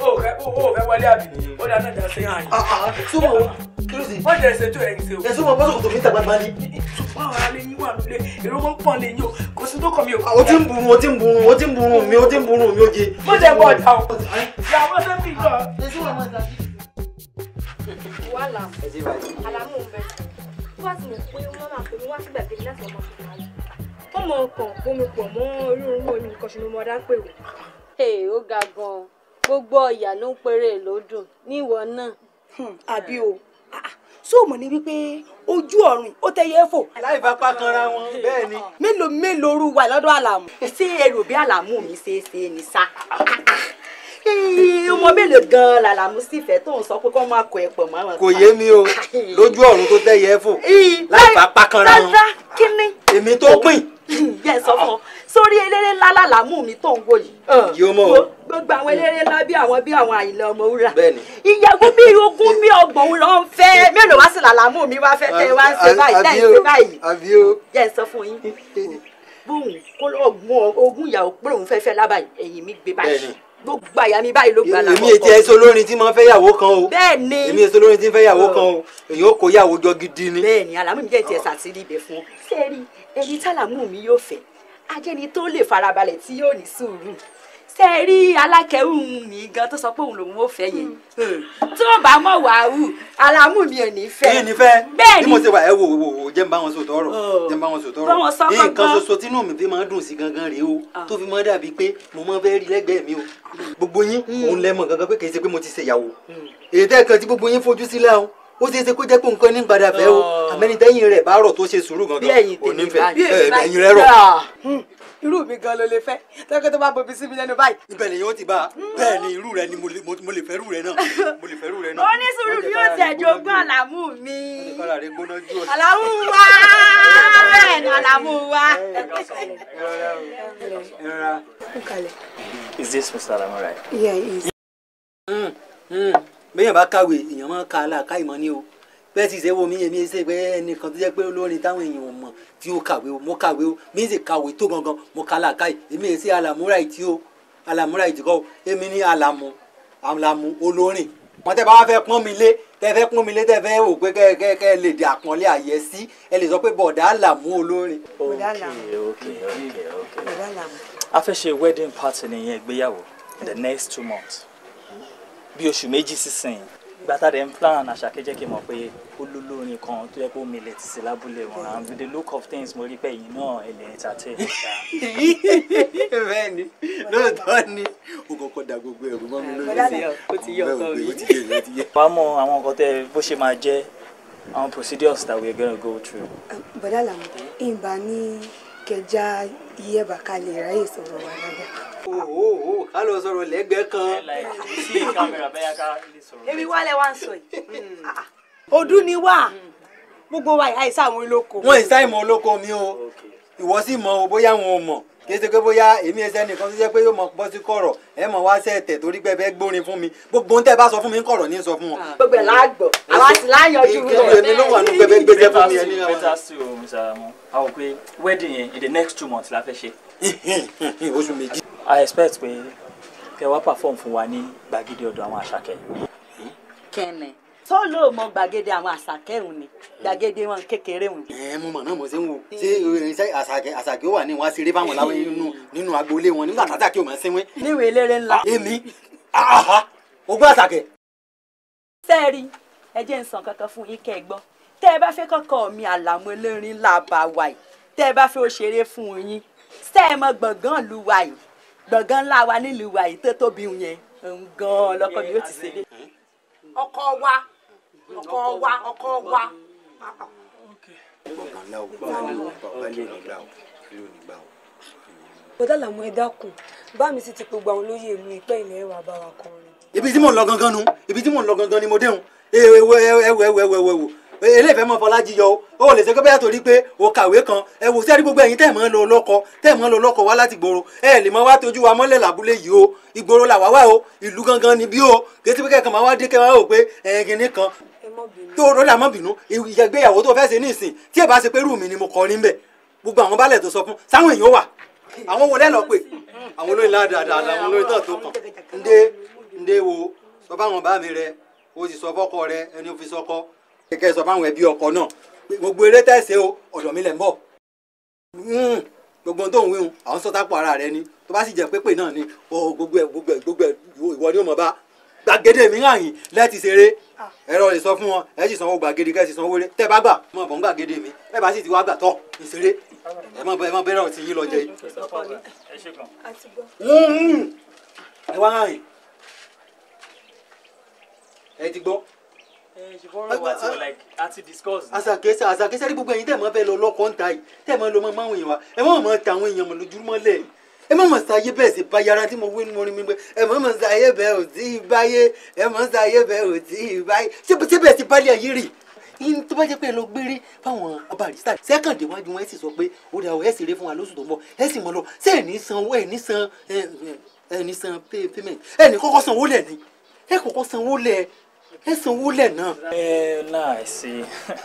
o fẹ́ o fẹ́ wálé àbí o dáná jà sí àyè. súnmọ́ o kí ló sì. wọ́n jẹ́ ìṣẹ́jú ẹ̀yìn ṣe o. ẹ súnmọ́ bọ́sọ̀ kòtò níta gbangba ni. ṣùgbọ́n àwọn alẹ́ yín wà lólè èrò wọn pọ̀ lè yín o kò sí tó kọ̀ mi o. o ti ń burun o ti ń burun o ti ń burun mi o ti ń burun mi o jẹ. mo jẹ bọ ọjà o. yàwó sẹ́mi jọ. wàhálà àlámù ń bẹ wá sí mi pé wọ́n máa pè mí wá sí gbàgede láti ọmọ wọ́n mọ ọkàn omi pọ̀ mọ́ orúurú omi nǹkan ṣe ni mo dá pè wọ́n. ee ó ga gan-an gbogbo ọ̀yà ló ń péré lódùn ní ìwọ náà. Hmm, àbí o sóòmù ah, ah. ni wípé ojú ọ̀run ó tẹ́yẹ fò. láì bá pàkanra wọn bẹ́ẹ̀ ni. mélòó mélòó rú wa lọ́dọ̀ àlàmú. ṣé ẹrù bí àlàmú mi ṣe é ṣe ni sá ọmọ mélòó gan làlàmú sì fẹ́ tó ń sọ pé kọ́ máa kọ ẹ pọ̀ mọ́. kò yé mi o ah, lójú ọ̀run tó tẹ́ yẹ fò láì bá pákànra wọn. kíni. èmi tó pín ẹ sọ fún ọ sórí eléré ńlá làlámù mi tó ń wò yìí. yóò mọ o. gbogbo àwọn eléré ńlá bí àwọn bí àwọn àyìnlẹ ọmọ wúrà. ìyẹ̀wò mi ogún mi ọgbọ̀n wúrà ń fẹ́ mélòó wá sí làlámù mi wá fẹ́ tẹ wá ń ṣe báyìí tẹ̀ ṣe báyìí. àbí o. jẹ́ ẹ sọ fún yín. bóun kó ọgbọ́n ogún ìyàwó pé òun fẹ́ fẹ́ lábàá ẹ̀yìn mi gbé báyìí gbogbo àyà mi báyìí ló gbà láwọn èmi ètí ẹsẹ olórin tí mo fẹ́ yàwó kan o bẹ́ẹ̀ni èmi ẹsẹ olórin tí mo fẹ́ yàwó kan o èyí ó kó yàwó jọ gidi ni. bẹ́ẹ̀ni alámú mi jẹ ti ẹsẹ àti ilé fún ọ ẹni tálàmù mi yóò fẹ́ ajẹ́ni tó lè farabalẹ̀ tí yóò ní sùúrù ṣe rí alákẹ́wù mi gan tó sọ pé òun lòun ò fẹ́ yẹn hmm. hmm. tí wọ́n bá mọ̀ wá hù alámù mi ò ní fẹ́. èyí ni fẹ́ bí mo ṣe wà ẹ wò wò wò jẹ́ ń bá wọn sòtọ́ ọ̀rọ̀ oh. jẹ́ ń bá wọn sòtọ́ ọ̀rọ̀ èyí nǹkan ṣoṣo tínú mi fi máa ń dùn sí gangan rèé o ah. tó fi máa dàbí pé mo máa fẹ́ rí lẹ́gbẹ̀ẹ́ mi o hmm. gbogbo yín òun lẹ́mọ̀ gangan pé kì í ṣe pé mo ti ṣèyàwó èyí tẹ́ kan tí gbogbo yín fojú sílẹ̀ o ó ṣeé ṣe kó jẹ́ pé nǹkan ní gbadà fẹ́ o àmẹ́ni tẹ́yìn rẹ̀ bá rọ̀ tó ṣe sùúrù gangan onífẹ̀ ẹ̀yìn rẹ̀ rọ̀. irú mi gan ló lè fẹ́ tẹ́kọ̀ tó bá bobi sí mi lẹ́nu báyìí. ibẹ̀ lèyìn ó ti bá bẹ́ẹ̀ ni irú rẹ ni mo lè fẹ́ irú rẹ náà mo lè fẹ́ irú rẹ náà. onísùúrù mi ò tẹ̀ jogún àlàmú mi. àlàmú wa bẹ́ẹ̀ ni àlàmú wa. Is this Mr. Alamurai? Yeah, he is bẹ́ẹ̀ bá kàwé èèyàn máa ka aláàká ìmọ̀ ni o bẹ́ẹ̀ sì ṣe wo mi èmi ṣe pé ẹnìkan tó jẹ́ pé olórin táwọn èèyàn ò mọ̀ tí ó kàwé o mo kàwé o mi sì kàwé tó gangan mo ka aláàká èmi ṣe àlàmúra ìtì o àlàmúra ìtì kọ́ èmi ní àlàmú àlàmú olórin wọn tẹ bá wá fẹ́ pọ́n mi lé tẹ fẹ́ pọ́n mi lé tẹ fẹ́ wò pé kẹ lè dé àpọ́nlé àyẹ sí ẹ lè sọ pé bọ̀dá àlàmú olórin. ok ok ok ok a fẹ́ ṣe wedding party nìyẹn ìgbéyàwó in the next two months bí oṣù méjì sísìn gbàtà dẹ̀ ń plan àṣàkẹ́ jẹ́ kí n mọ̀ pé ó lólórin kan tó yẹ kó milẹ̀ ti sí lábúlé wọn and with the look of things mo rí pé ẹ̀yin náà ẹ lè bẹ́ẹ̀ ni lóòótọ́ ni o kọ́kọ́ da gbogbo ẹ̀rù mọ́ mi lórí sí o ti yọ ọ̀tọ̀ mi. wàá mọ àwọn nǹkan tẹ bó ṣe máa jẹ́ àwọn procedures that we gonna go through. Ah, bọ́dà làwọn ìbá ní kẹjá iye bàkálẹ̀ ráyè sọ̀rọ̀ wà dáadáa ooo ká lọ sọ̀rọ̀ lẹ́gbẹ̀ẹ́ kan. èmi wá lẹ wá ń sọ yìí ọdún hmm. ah, ah. ni wá gbogbo wa àìsàn àwọn olóko. wọn ìsá ìmọ̀ olóko mi o ìwọ sì mọ̀ o bóyá wọn ò mọ̀ kì í ṣe pé bóyá èmi ẹsẹ nìkan tó jẹ́ pé yóò mọ bọ́ sí kọ̀rọ̀ ẹ mọ̀ wá sẹ́ẹ̀tẹ̀ torí pé bẹ́ẹ̀ gbórin fún mi gbogbo ohun tẹ́ bá sọ fún mi ń kọ̀rọ̀ ní sọ fún wọn. Ah, gbogbo ẹ̀ láàgbọ̀ àwa sì láyànjú rẹ̀. èmi ló wà ní pẹpẹ gbẹjẹ fún mi ẹni àwọn. better still mr ramon a ò pé wedding yẹn in the next two months la fẹ́ ṣe. oṣù méjì. I expect pé kẹ wá perform fún wa ní gbàgede ọ̀dọ̀ àwọn àṣàkẹ́. kẹ́nẹ̀ tó ló mọ gbàgede àwọn àṣàkẹ́ òun ni gbàgede wọn kékeré òun. ẹ mo mọ̀ náà mo ṣe ń wo ṣé àṣàkẹ́ àṣàkẹ́ ó wà ní wọn á ṣeré báwọn láwọn nínú nínú agboolé wọn nígbà tàtà kí o máa ṣẹ́wẹ́. níwèé eléré ńlá. èmi ogún àṣàkẹ́. sẹ́ẹ̀rì ẹ jẹ́ ń sàn kankan fún yín kẹ́ ẹ gbọ́ tẹ́ ẹ bá fẹ́ kọ́kọ́ mi àlàmú elérin làbàwà yìí tẹ́ ẹ bá fẹ́ ó ṣeré fún yín sẹ́ẹ̀ mọ gbọ̀ngàn lùwà yìí gbọ̀ngàn ńlá wa nílùú wa yìí tó tóbi yẹn gan-an lọ́kọ mi ó ti ṣe dé. ọkọ wa ọkọ wa ọkọ wa. gbọ̀ngàn ńlá o bàbá lè nígbà o lè nígbà o. bọ́dá làwọn ẹ̀dá kù bá mi sì ti pe gbàùn lóye ìlú ìpẹ́ ilẹ̀ wa bá wa kọrin. ibi tí mò ń lọ gangan nu ibi tí mò ń lọ gangan ni mo dé hun ẹ wẹ wẹ wẹ wẹ wẹ wẹ wẹ wò eléfẹ́ mọ́ fọlájí yọ o ò lè ṣe pé bẹ́ẹ̀ torí pé o kàwé kan ẹ wò sẹ́rí gbogbo ẹ̀yin tẹ̀ mọ́ lọ lọ́kọ tẹ̀ mọ́ lọ lọ́kọ wá láti gbòòrò ẹ lè mọ́ wá tójú wa mọ́lẹ̀ làbúlé yìí o ìgboro là wá wá o ìlú gangan ni bí o kétí pé kẹ̀kẹ́ máa wá dé kẹwàá o pé ẹ̀yìn kìíní kan tó rọ́lá mọ́ bínú ìgbéyàwó tó fẹ́ ṣe ní ìsìn tí ẹ bá ṣe pé rú mi ni mo kọ́ ní bẹ̀ gbogbo àwọn balẹ̀ tó sọ fún sáwọn èèyàn wà àwọn wo lẹ́lọ́ pé àwọn olóyin ládàáda àwọn olóyin náà tó kàn ndé ndé wo sọ fáwọn bá rẹ ẹni ò fi sọkọ kẹ̀kẹ́ sọ fáwọn ẹbí ọkọ náà gbogbo eré tẹ̀sẹ̀ o ọ̀dọ̀ mi lẹ̀ ń bọ̀ hmm, gbogbo tó ń wíhun àwọn sọ́tàpọ̀ ara rẹ ni tó bá sì jẹ́ pépè náà ni gbogbo ẹ̀ gbogbo ẹ̀ gbogbo ẹ̀ ìwọ ni ó mọ̀ bá gbàgede mi hàn yín lẹ́ẹ̀tì ṣeré ah. ẹ̀rọ lè sọ fún wọn ẹ̀ sì sanwó gbàgede kẹ́ sì sanwó rẹ tẹ́ bá gbà mọ̀ bọ̀ ń gbàgede mi ẹ̀ bá sì ti wá gbà tọ̀ ìṣeré ẹ̀ mọ̀ bẹ́rẹ̀ ọ̀tí yín lọ jẹ hmm, hmm. yín ẹ ti gbọ́ àṣàkẹ́sà àṣàkẹ́sà rí gbogbo ẹ̀yin tẹ̀ mọ́ bẹ́ẹ̀ lọ lọ́kọ̀ ń ta yìí tẹ̀ mọ́ lọ mọ́ máwọn èèyàn wa ẹ mọ́ mọ́ ta àwọn èèyàn lójúmọ́ lẹ̀ ẹ mọ̀ mọ̀ sáyé bẹ́ẹ̀ sí bayara tí mo wí ní orin mi pé ẹ mọ̀ mọ̀ sáyé bẹ́ẹ̀ ò tí ì báyé ẹ mọ̀ sáyé bẹ́ẹ̀ ò tí ì báyé ṣé bẹ́ẹ̀ sí bálẹ̀ yìí rì yín tó bá jẹ́ pé ẹ lọ gbére fáwọn barista sẹ́kàndé wájú wọn ẹ sì sọ pé orí àwọn ẹ sì ré fún wa lóṣù tó ń bọ̀ ẹ sì mọ lọ ṣé ẹ ní san owó ẹ ní san ẹ ní san payment ẹ ní kọ́kọ́ san owó lẹ̀ ni ẹ kọ́kọ́ san owó lẹ̀ ẹ sanwó lẹ̀ náà. ẹ náà ẹ ṣe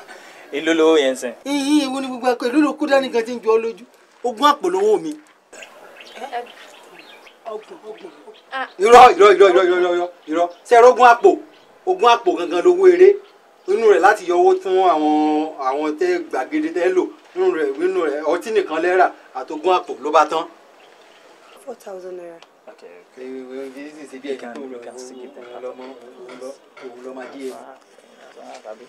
èló lówó yẹn sẹ. iyì ìwọ ni gbogbo akọ èló ló kú dání kan ti ń jọ ọ lójú ogún àpò lówó mi. Ah. irọ́ irọ́ irọ́ irọ́ irọ́ irọ́ irọ́ sẹ́rọ̀ ogún àpò ogún àpò gangan lówó eré inú rẹ̀ láti yọ owó tún àwọn àwọn tẹ́ gbàgede tẹ́ lò inú rẹ̀ inú rẹ̀ ọtí nìkan lẹ́rà àtogún àpò ló bá tán. four thousand naira okay. You can you can still give them part of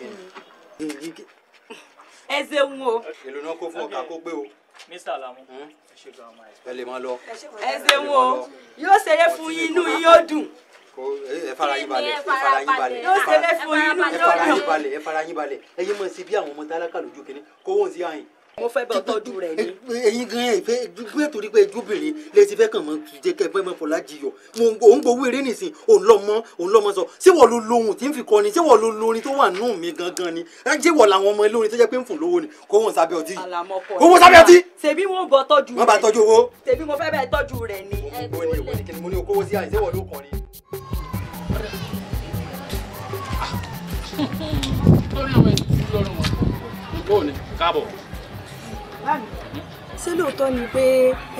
it. Ẹ eh, ṣeun eh, ah, ah, ah, mm. eh, o. Èlò náà kó fún ọ̀ka kó gbé o. Mr. Alamu. Ẹ lè máa lọ. Ẹ ṣeun o. Yóò ṣeré fún yín inú yín yóò dùn ẹ fara yín balẹ̀ ẹ fara yín balẹ̀ yóò ṣẹlẹ̀ fún yín inú yóò dùn ẹ fara yín balẹ̀ ẹ yín mọ̀ sí bí àwọn ọmọ tálákà lójú kìíní kó wọ́n sí àyìn mo fẹ́ bẹ́ẹ̀ tọ́jú rẹ̀ ni. ẹ̀yin gan ẹ fẹ́ gbé torí pé ojúbìnrin lè ti fẹ́ kàn mọ́ jẹ́ kẹ́ fẹ́ mọ́ fọlá jiyọ̀ òun gbowó eré nìsín òun lọ́mọ òun lọ́mọ sọ ṣé wọ́n lo lohun tí ń fi kọrin ṣé wọ́n lo lorin tó wà nù mí gangan ni ṣé wọ́n làwọn ọmọ olórin tó jẹ́ pé ń fún lówó ni kó wọ́n sábẹ́ ọtí kó wọ́n sábẹ́ ọtí. ṣèbí wọn bọ tọ́jú rẹ̀ wọ́n bá tọ́jú owó. ṣèbí mo fẹ́ bẹ́ẹ̀ tọ́jú rẹ̀ ni. mo ní okòwò sí àìsí wọ́n ló kọrin. lórí ṣé lóòótọ́ ni pé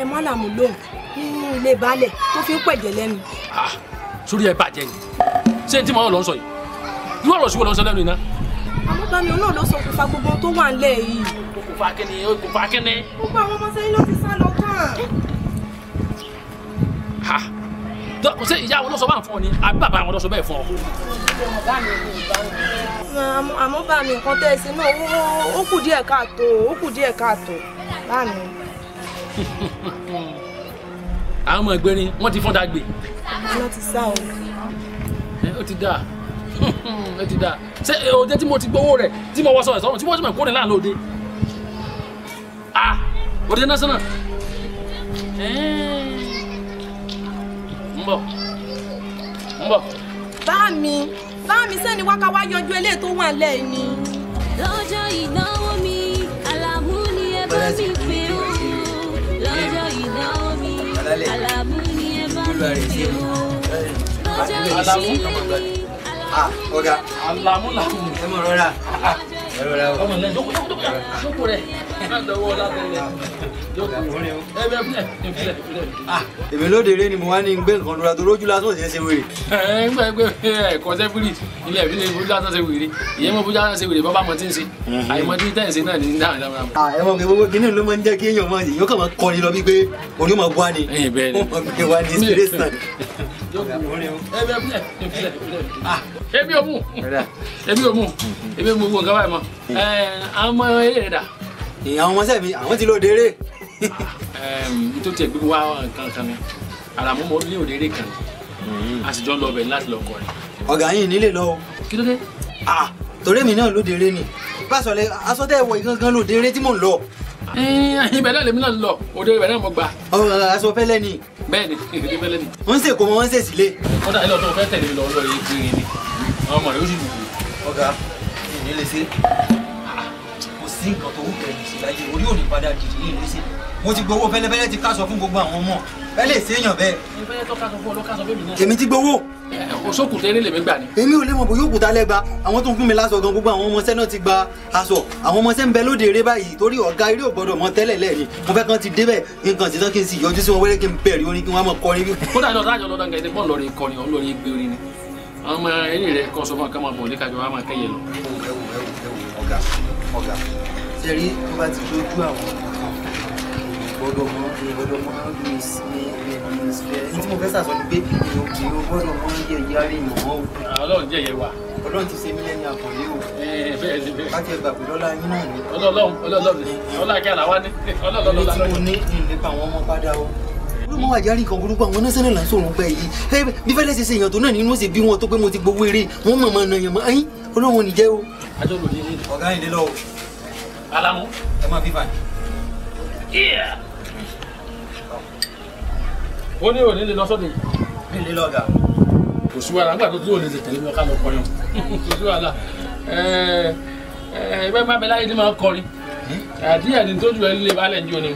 ẹ mọ́ làmú lóhùn nínú ilé baálẹ̀ tó fi ń pẹ̀jẹ̀ lẹ́nu. sórí ẹ bàjẹ́ ni ṣé tí màá lọ sọ yìí irú ọ̀rọ̀ sí wo lọ sọ lẹ́nu iná. àmọ́ bá mi náà ló sọ òkùnfà gbogbo tó wà ńlẹ̀ yìí. òkùnfà kẹ́ni òkùnfà kẹ́ni. gbogbo àwọn ọmọ sẹ́yìn ló ti sá lọ tán kò sí ìyá wọn ló sọ bá ń fún ọ ni àbí bàbá wọn ló sọ bẹ́ẹ̀ fún ọ. àmọ́ bá mi nǹkan tẹ́ ẹ sí náà ó kù díẹ̀ káàtó ó kù díẹ̀ káàtó bá mi. àwọn ọmọ ẹgbẹ́ ni wọ́n ti fọ́n dàgbé. wọ́n ti sá o. ó ti dáa ó ti dáa ṣé òde tí mo ti gbowó rẹ̀ tí mo wọ sọ̀rọ̀ sọ̀rọ̀ tí mo ti mọ̀ kúrò ní láàánú òde. ah òde náà bọ̀ ń bọ̀. bá mi bá mi sẹ́ni wákàwá yọjú eléyìí tó wà lẹ́yìn ni. lọ́jọ́ ìnáwó mi àlàmú ni ẹ bá mi pè ó lọ́jọ́ ìnáwó mi àlàmú ni ẹ bá mi pè ó lọ́jọ́ ìṣílẹ̀ mi. ah ọ̀gá àlàmú làwọn. ẹ mọ̀ rọra ẹ rọra o. ọmọ náà jókòó jókòó jókòó rẹ èmi lóde eré ni mo wá ní gbé nǹkan lóra tó lójú lásán ṣe é ṣe wèrè. ẹ ń gbẹ gbé ẹ̀kọ́ sẹ́fúrì ilé ẹ̀mí lè fojú lásán ṣe wèrè ìyẹn mo fojú lásán ṣe wèrè bọ́bá mọ tí ń ṣe àìmọ tí tẹ̀ ń ṣe náà ní dáhùn dáhùn. ẹ mọ̀ pé gbogbo kínní ló máa ń jẹ́ kí èèyàn máa yóò kàn máa kọ́ ni lọ bí pé orí máa bọ́ ni ó máa gbé wá ní inspiration. èmi ò mú èmi ò mú èmi ò mú nǹkan báyìí mọ́ àwọn ọmọ eré èèyàn ọmọọṣẹ́ mi àwọn ti lọ dèrè. n tó tiẹ̀ gbogbo wa nǹkan kan ni àràmú mo ní òdèrè kan hmm. a sì jọ lọ bẹ̀ láti lọ kọrin. ọ̀gá yìí nílé lọ o. kí ló dé. torí mi náà ló dèrè ni pásọlẹ aṣọ tẹ wọ gangan ló dèrè tí mò ń lọ. ibẹ̀ náà lèmi náà ń lọ òde ibẹ̀ náà mo gbà. ọ̀rọ̀ aṣọ fẹ́lẹ́ ni. bẹ́ẹ̀ ni èdè fẹ́lẹ́ ni. wọ́n ń sèkó wọn wọ́n ń sèsílẹ̀. kọ́dà ilé ọ̀tọ̀ fẹ́ tẹ̀lé mi lọ lọ́ọ́ yẹ kiri ni ọmọ rẹ̀ ó sì dùn. ọ̀gá mi ò sí nǹkan tó wù kẹyìn sí láyé orí òní padà dìde ní ìrísí mo ti gbowó fẹlẹfẹlẹ ti káṣọ fún gbogbo àwọn ọmọ ẹ lè ṣe èèyàn bẹ́ẹ̀. ìfẹ́lẹ́ tó káṣọ fún ọlọ́kàṣọ bẹ́ẹ̀ mi náà. èmi ti gbowó. òṣòkùn tẹ́lẹ̀ lèmi gbà ni. èmi ò lè mọ̀ bóyá òkúta lẹ́gba àwọn tó ń fún mi láṣọ gan gbogbo àwọn ọmọọṣẹ́ náà ti gba aṣọ àwọn ọmọọṣẹ́ ń bẹ lóde eré báyìí torí ọ̀gá eré ò mọ tẹ́lẹ̀ lẹ́ẹ̀ni mo fẹ́ kàn ti débẹ̀ nǹkan ti tán kí n sì yọjú sí wọn wẹ́rẹ́ kí n bẹ̀rẹ̀ orin kí wọ́n mọ kọrin kódà ní ọ̀dà àjọ lọ́dọ̀ lọ. ọ̀gá ọ̀gá tẹ̀rí tó bá ti dojú àwọn gbọ́dọ̀ mọ́ gbọ́dọ̀ mọ́ ní ìsinmi ní ìsinmi ẹni tí mo fẹ́ sàsọ ni pé èèyàn gbọ́dọ̀ mọ́ yẹ̀yẹ́ ara èèyàn mọ́ o. ọlọ́run jẹ́ yẹ̀ wá. ọlọ́run ti ṣe mí lẹ́ni àkànlé o. bẹ́ẹ̀ ni bẹ́ẹ̀. láti ẹgbà pé lọ́la yín náà ni. ọlọ́run ọlọ́run ọlá kí àlàwá ní. ọlọ́run ọlọ́run ọlọ́run. èyí tí mo ní ìlépa àwọn ọmọ padà o mo wà járí nǹkan burúkú àwọn oníṣẹ́ náà là ń sọ̀rọ̀ pẹ́ yìí ẹ bí fẹ́lẹ́ ṣe ṣe èèyàn tó náà nínú ṣe bí wọn tó pé mo ti gbowó eré wọn mọ̀mọ́ nà yàn mọ́ ẹyìn olóhùn ò ní jẹ́ o. àjọ lòdì ní ọ̀gá ìdílọ́wọ́. Alamu. Ẹ máa fífa yìí. Ó ní òní lè lọ sọ́dọ̀ yìí. Mi lè lọ ga. Kò sí wàhálà nígbà tó dúró lè tẹ̀lé mi ọ̀ká lọ kọrin. Kò sí wàhálà. Ẹgbẹ́ máa bẹ láyé ní máa kọrin. Hmm? Àdíyà ni tó jù ẹ lè balẹ̀ ní òní.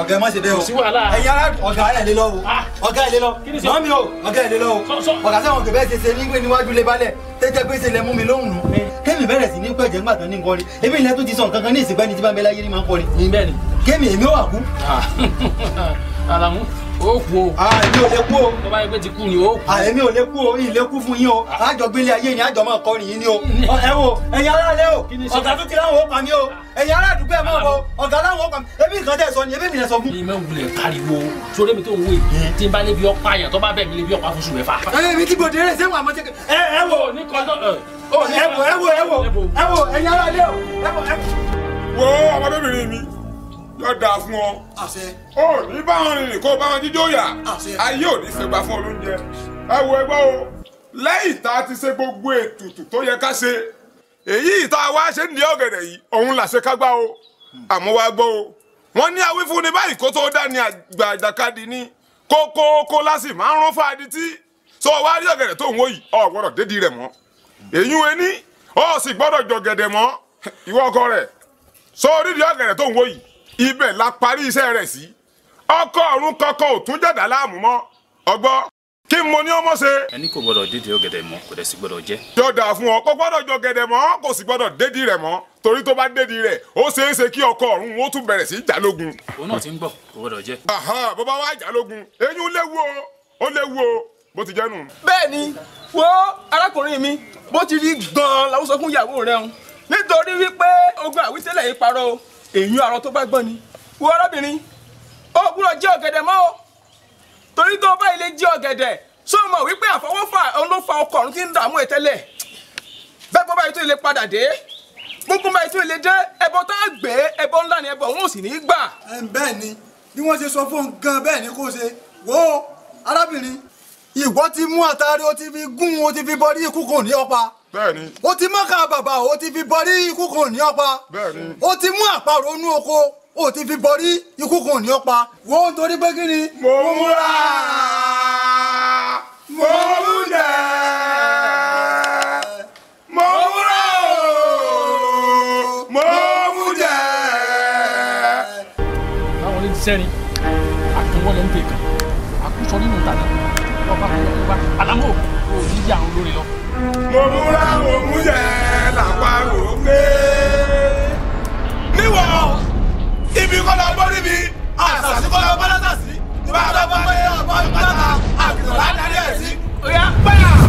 Ọ̀gá má ṣe bẹ́ẹ̀ o. Kò sí wàhálà. Ẹyin ara ọ̀gá ẹ̀ lé lọ o. Ah. Ọ̀gá ẹ̀ lé lọ. Mọ́mí o, ọ̀gá ẹ̀ lé lọ o. Ọ̀gá sẹ́wọ̀n kò bẹ́ẹ̀ ṣe ṣe nígbè níwájú lé balẹ̀. Tẹ́tẹ́ pé ṣe lẹ mú mi lóhùn nù kémi bẹ̀rẹ̀ sí ní pẹ̀jẹ́ ńgbà tán ní nǹkan rí ebi ilẹ̀ tó ti sọ nǹkan kan ní ìsìnkú ẹni tí bá ń bẹ láyé ní máa ń kọrin. ní bẹ́ẹ̀ ni. kémi èmi ò wà kú. Ah. alamu ó kú o. àmì ah, ò lè kú o. tó bá yẹ pé ti kú ni ó kú. àmì ah, ò lè kú o ilé kú fún yín o. àjọ ah. gbélé ayé ni àjọ máa kọrin yín ni o. Mm. ẹ wo ẹ̀yin aráalé o ọ̀gá tó ti láwọn ó pa mí o ẹ̀yin ará àdúgbò máa bọ̀ ọ̀gá láwọn ó pa mí ebi nǹkan tẹ̀ sọ ni ebi mi lẹ sọ fún. mi máa ń sórí mi tó ń wé tí n bá lé bí ọ̀pá yẹn tó bá bẹ̀ mí lé bí ọ̀pá fún sùn mẹ́fà. ẹ mi ti bòde rẹ sẹ́wọ̀n àmọ́ lọ́dà fún ọ. ó ní báwọn rìnrìn kó báwọn jíjó yà ayé ò ní fẹ́gbà fún olóúnjẹ. ẹ wo ẹgbẹ́ o lẹ́yìn tá a ti ṣe gbogbo ètùtù tó yẹ ká ṣe èyí tá a wá ṣe nídìí ọ̀gẹ̀dẹ̀ yìí òun là ṣe ká gbá o àmọ́ wá gbọ́ o wọ́n ní awífúnni báyìí kó tó dá àgbà àjàkadì ní kókóókó lásì máa ń rán fáadì tí sọ wá rí ọ̀gẹ̀dẹ̀ tó ń wò yìí ọ̀ gbọ́dọ̀ rẹ̀ mọ́ èyí wọn ní ọ̀ sì gbọ́dọ̀ jọ̀gẹ̀dẹ̀ mọ́ ìwọ ọkọ rẹ̀ sọ orí rí ọ̀gẹ̀dẹ̀ tó ń wò yìí ibẹ̀ la parí iṣẹ́ rẹ̀ sí ọkọ ọ̀run kankan ò tún jàdá láàmú mọ́ ọgbọ́ kí n mo ní ọmọ ṣe. ẹni kò gbọdọ̀ dédi ọ̀gẹ̀dẹ̀ mọ́ kò dẹ̀ sì gbọdọ̀ jẹ. jọdà fún ọ kò gbọdọ̀ jọ gẹ̀dẹ̀ mọ́ kò sì gbọdọ̀ dédi rẹ̀ mọ́ torí tó bá dédi rẹ̀ ó ṣeé ṣe kí ọkọ ọ̀run ó tún bẹ̀rẹ̀ sí í jálógun. òun náà ti ń bọ̀ kò gbọdọ̀ jẹ. bàbá wa jálógun eyín léwu o ó léwu o bó ti jẹnu. bẹ́ẹ̀ni wo arákùnrin mi bó ti rí gan-an làwọn sọ fún ìyàwó rẹ̀ nítorí wípé ogun àwísẹ́lẹ̀ yìí parọ́ èyí àrọ tó bá gbọ́n ni wo arábìnrin ó gbúdọ̀ jẹ́ ọ̀gẹ̀dẹ̀ mọ́ o torí tó bá ilé jẹ́ ọ̀gẹ̀dẹ̀ sọ ma wípé àfọwọ́fà òun ló fa ọkọ̀ ọ̀run tí ń dààmú ẹ tẹ́lẹ̀ bẹ́ẹ̀ bọ́ báyìí tó ilé padà dé gbogbo báyìí tó ilé dé ẹbọ tá a gbé ẹbọ ńlá ni ẹbọ òun ò sì ní í gbà. bẹ́ẹ̀ ni bí wọ́n ṣe sọ fún gan bẹ́ẹ̀ ni kò ṣe wo arábìnrin ìwọ ti mú àtàrí o ti fi gún o ti fi bọrí ikú kò ní ọpa bẹ́ẹ̀ni. o ti mọ́ka bàbà o ti fi bọrí ikú kan ọ̀pá. bẹ́ẹ̀ni. o ti mú àparò inú oko o ti fi bọrí ikú kan ọ̀pá. wo ń torí pé kí ni. mo múra mo múra. sẹ́rin àkànwọ́ ló ń pè kàn àkúsọ nínú tàdá lọ́ba àlámọ́ òní yà ń lórí lọ mo múra mo múyẹ làpárò gbé. níwọ̀ ibi kọ́lá bọ́rí mi àṣàṣì kọ́lá bọ́lá sàṣì ní bá a bá bá bá yẹ ọ̀pá ìpátá àbìtàn láti darí ẹ̀ sí. ó yá báyà.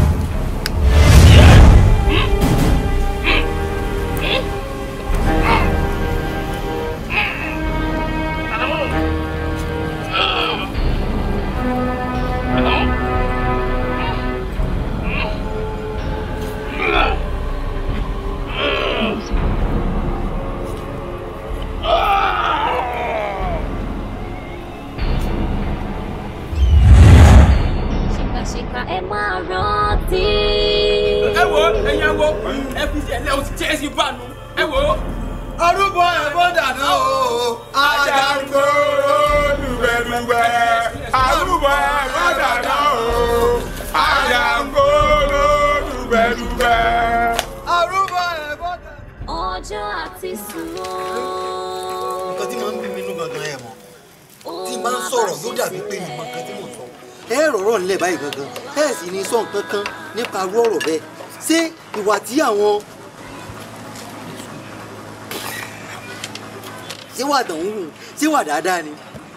o ti jẹ́ ẹ̀sìn bá nu ẹ wò ó. arúgbó ẹ̀fọ́ dáná o ajagbó dùgbẹ̀dùgbẹ̀ arúgbó ẹ̀fọ́ dáná o ajagbó dùgbẹ̀dùgbẹ̀. arúgbó ẹ̀fọ́ dáná. ọjọ́ àti sùnmọ́. nǹkan tí màá ń bí mi nú gangan ẹ̀ mọ́ tí màá ń sọ̀rọ̀ ló dàbí pé ìmọ̀ kan tí mò ń sọ ẹ rọ̀rọ̀ ńlẹ̀ báyìí gangan ẹ sì ní sọ nǹkan kan nípa arú ọ̀rọ̀ bẹ́ẹ̀ ṣé ìwà tí àwọn ṣé wà tàn ń wù ṣé wà dáadáa ni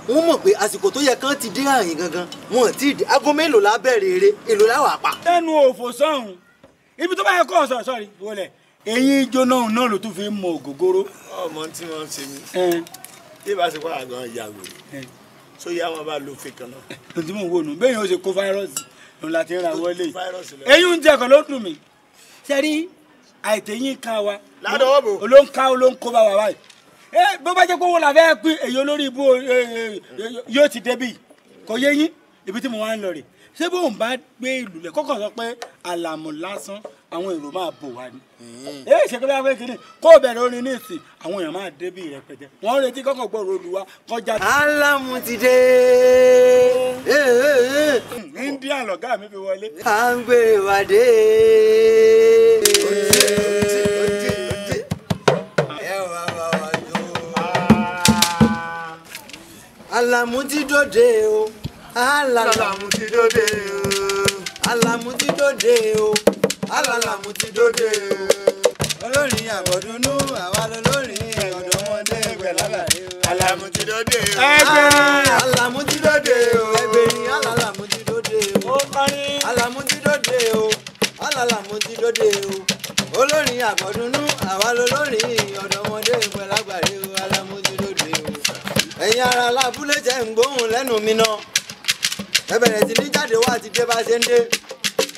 wọ́n mọ̀ pé àsìkò tó yẹ kán ti dé àyìn gangan wọn ò tí ì dé aago mélòó la bẹ̀rẹ̀ eré èlò láwà pa. lẹ́nu òfò sọ́hùn ibi tó bá yẹ kọ́ ọ̀sán sọ́ọ̀rì wọlé eyín jóná náà ló tún fi mọ ògógóró. ọmọ tí wọn ń ṣe mí bí bá ṣe pàrọ̀ gan ìyàwó tó yá wọn bá lo fèkàn náà. lóòótọ́ mò ń wò nù bẹ́ẹ̀ yóò ṣe kó fáírọ́ọ̀sì lòun la ra wọlé eyín ń jẹ́ ló dùn mí sẹ́rí àìtẹ́yìn ká wa olóńká olóńkó bá wa báyìí bó bá jẹ́ pé owó la fẹ́ pín èyí olórí ibú yóò ti débì kò yé yín ibi tí mo wá ń lọ rè ṣé bóun bá gbé ìlú lẹ kọ́kọ́ sọ pé àlàmù lásán àwọn èrò máa bò wá ni. èyí ṣe pé báyọ̀ kìíní kó o bẹ̀rẹ̀ orin ní ìsìn àwọn èèyàn máa débì rẹpẹtẹ wọ́n retí kọ́kọ́ gbọ́rọ̀ olùwà kọjá. alamu ti dé. india lọ̀gá mi fi wọlé. à ń gbé ìwà dé. Àlàmú ti dòde o Àlàmú ti dòde o Àlàmú ti dòde o Àlàmú ti dòde o olórin àbọ̀dúnú àwa lolórin ọ̀dọ́mọdé gbẹ̀lálà Àlàmú ti dòde o Àlàmú ah, ti dòde o ẹgbẹ̀rin Àlàmú ti o Àlàmú ti dòde o Àlàmú o olórin àbọ̀dúnú àwa lolórin ọ̀dọ́mọdé gbẹ̀lágbàre o Àlàmú ẹ̀yin ara lábúlé jẹ́ ń gbóhùn lẹ́nu mi náà ẹ bẹ̀rẹ̀ sí ní jáde wá àti dé bá ṣe ń dé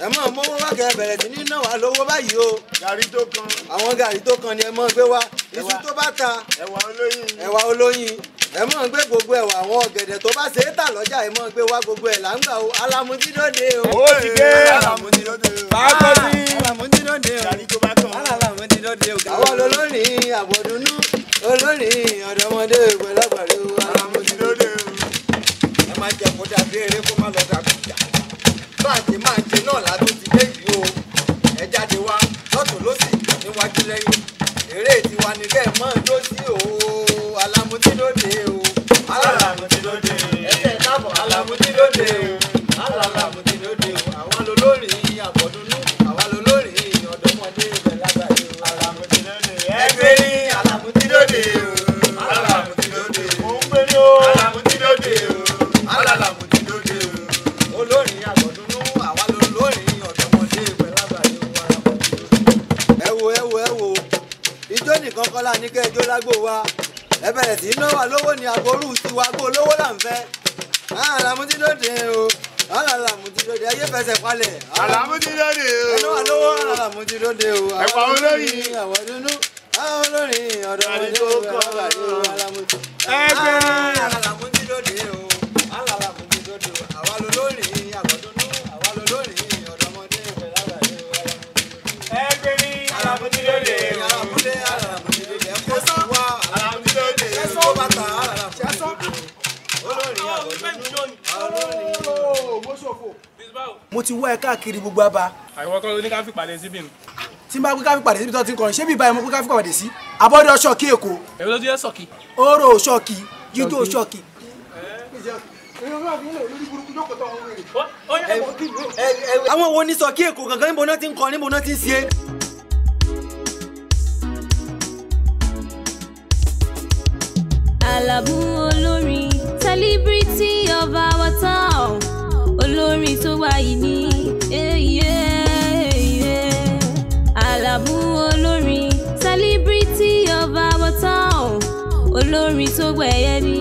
ẹ mọ̀ mówó wákẹ́ ẹ bẹ̀rẹ̀ sí ní náà wà lówó báyìí o. gàrí tó kan. àwọn gàrí tó kan ni ẹ mọ̀ gbé wá iṣu tó bá ta ẹ̀wà olóyin ẹ̀wà olóyin ẹ mọ̀ ń gbé gbogbo ẹ̀wọ̀ àwọn ọ̀gẹ̀dẹ̀ tó bá ṣe é tà lọ́jà ẹ mọ̀ ń gbé wá gbogbo ẹ̀ là ń gbà o alamudidode o. ó ti dé alamudidode o. bàbá mi alamudidode o. sàrí tó bá kàn. alamudidode o. àwọn olórin àbọ̀dúnú olórin ọ̀dọ́mọdé pẹ̀lọ́pẹ̀lú alamudidode o. ẹ máa jẹ kó dàbí eré kó má lọ dàbí ìjà. bá a ti máa jẹ náà látó ti dé yìí o. ẹ jáde wá lọ́tún lọ́sì níwájú lẹ́yìn eré tiwa nílẹ̀ mọ́ lọ́sì o lóde o alala mo ti lóde ẹsẹ̀ káàbọ̀ ala mo ti lóde o alala mo ti lóde o àwọn lolórin àbọ̀dúnú àwọn lolórin ọ̀dọ́mọdé ibẹ̀ lágbàdo ala mo ti lóde ẹgbẹ́ ní ala mo ti lóde o alala mo ti lóde o òun gbé ní o ala mo ti lóde la ní wa ẹ bẹ̀rẹ̀ sí náwó àlówó ni àgbórú tiwa gbó olówó là ń fẹ́ ah, àlàmúdídòdè o ah, àlàmúdídòdè ayé fẹsẹ̀ falẹ̀ ah, àlàmúdídòdè o ẹnu àlówó àlàmúdídòdè o ẹ̀pà olóyìn àwọn dúdú àwọn olórin ọ̀dọ́mọdé o àlàmúdídòdè. ẹ káàkiri gbogbo àbá. àìwọ kọ́ ló ní ká fi pàdé síbí ni. tí n bá gbé ká fi pàdé síbi tó ti ń kọrin ṣé bí ìbáyìí mo gbé ká fi pàdé sí. abọ́dé ṣọ́ọ̀kì èkó. èmi ló ti yẹ ṣọ́ọ̀kì. oró ṣọ́ọ̀kì jíjó ṣọ́ọ̀kì. àwọn wo ni ṣọ́ọ̀kì èkó gangan níbo náà ti ń kọ níbo náà ti ń ṣe. Àlàbù olórin celebrity of our town olórin tó wáyé ní. away and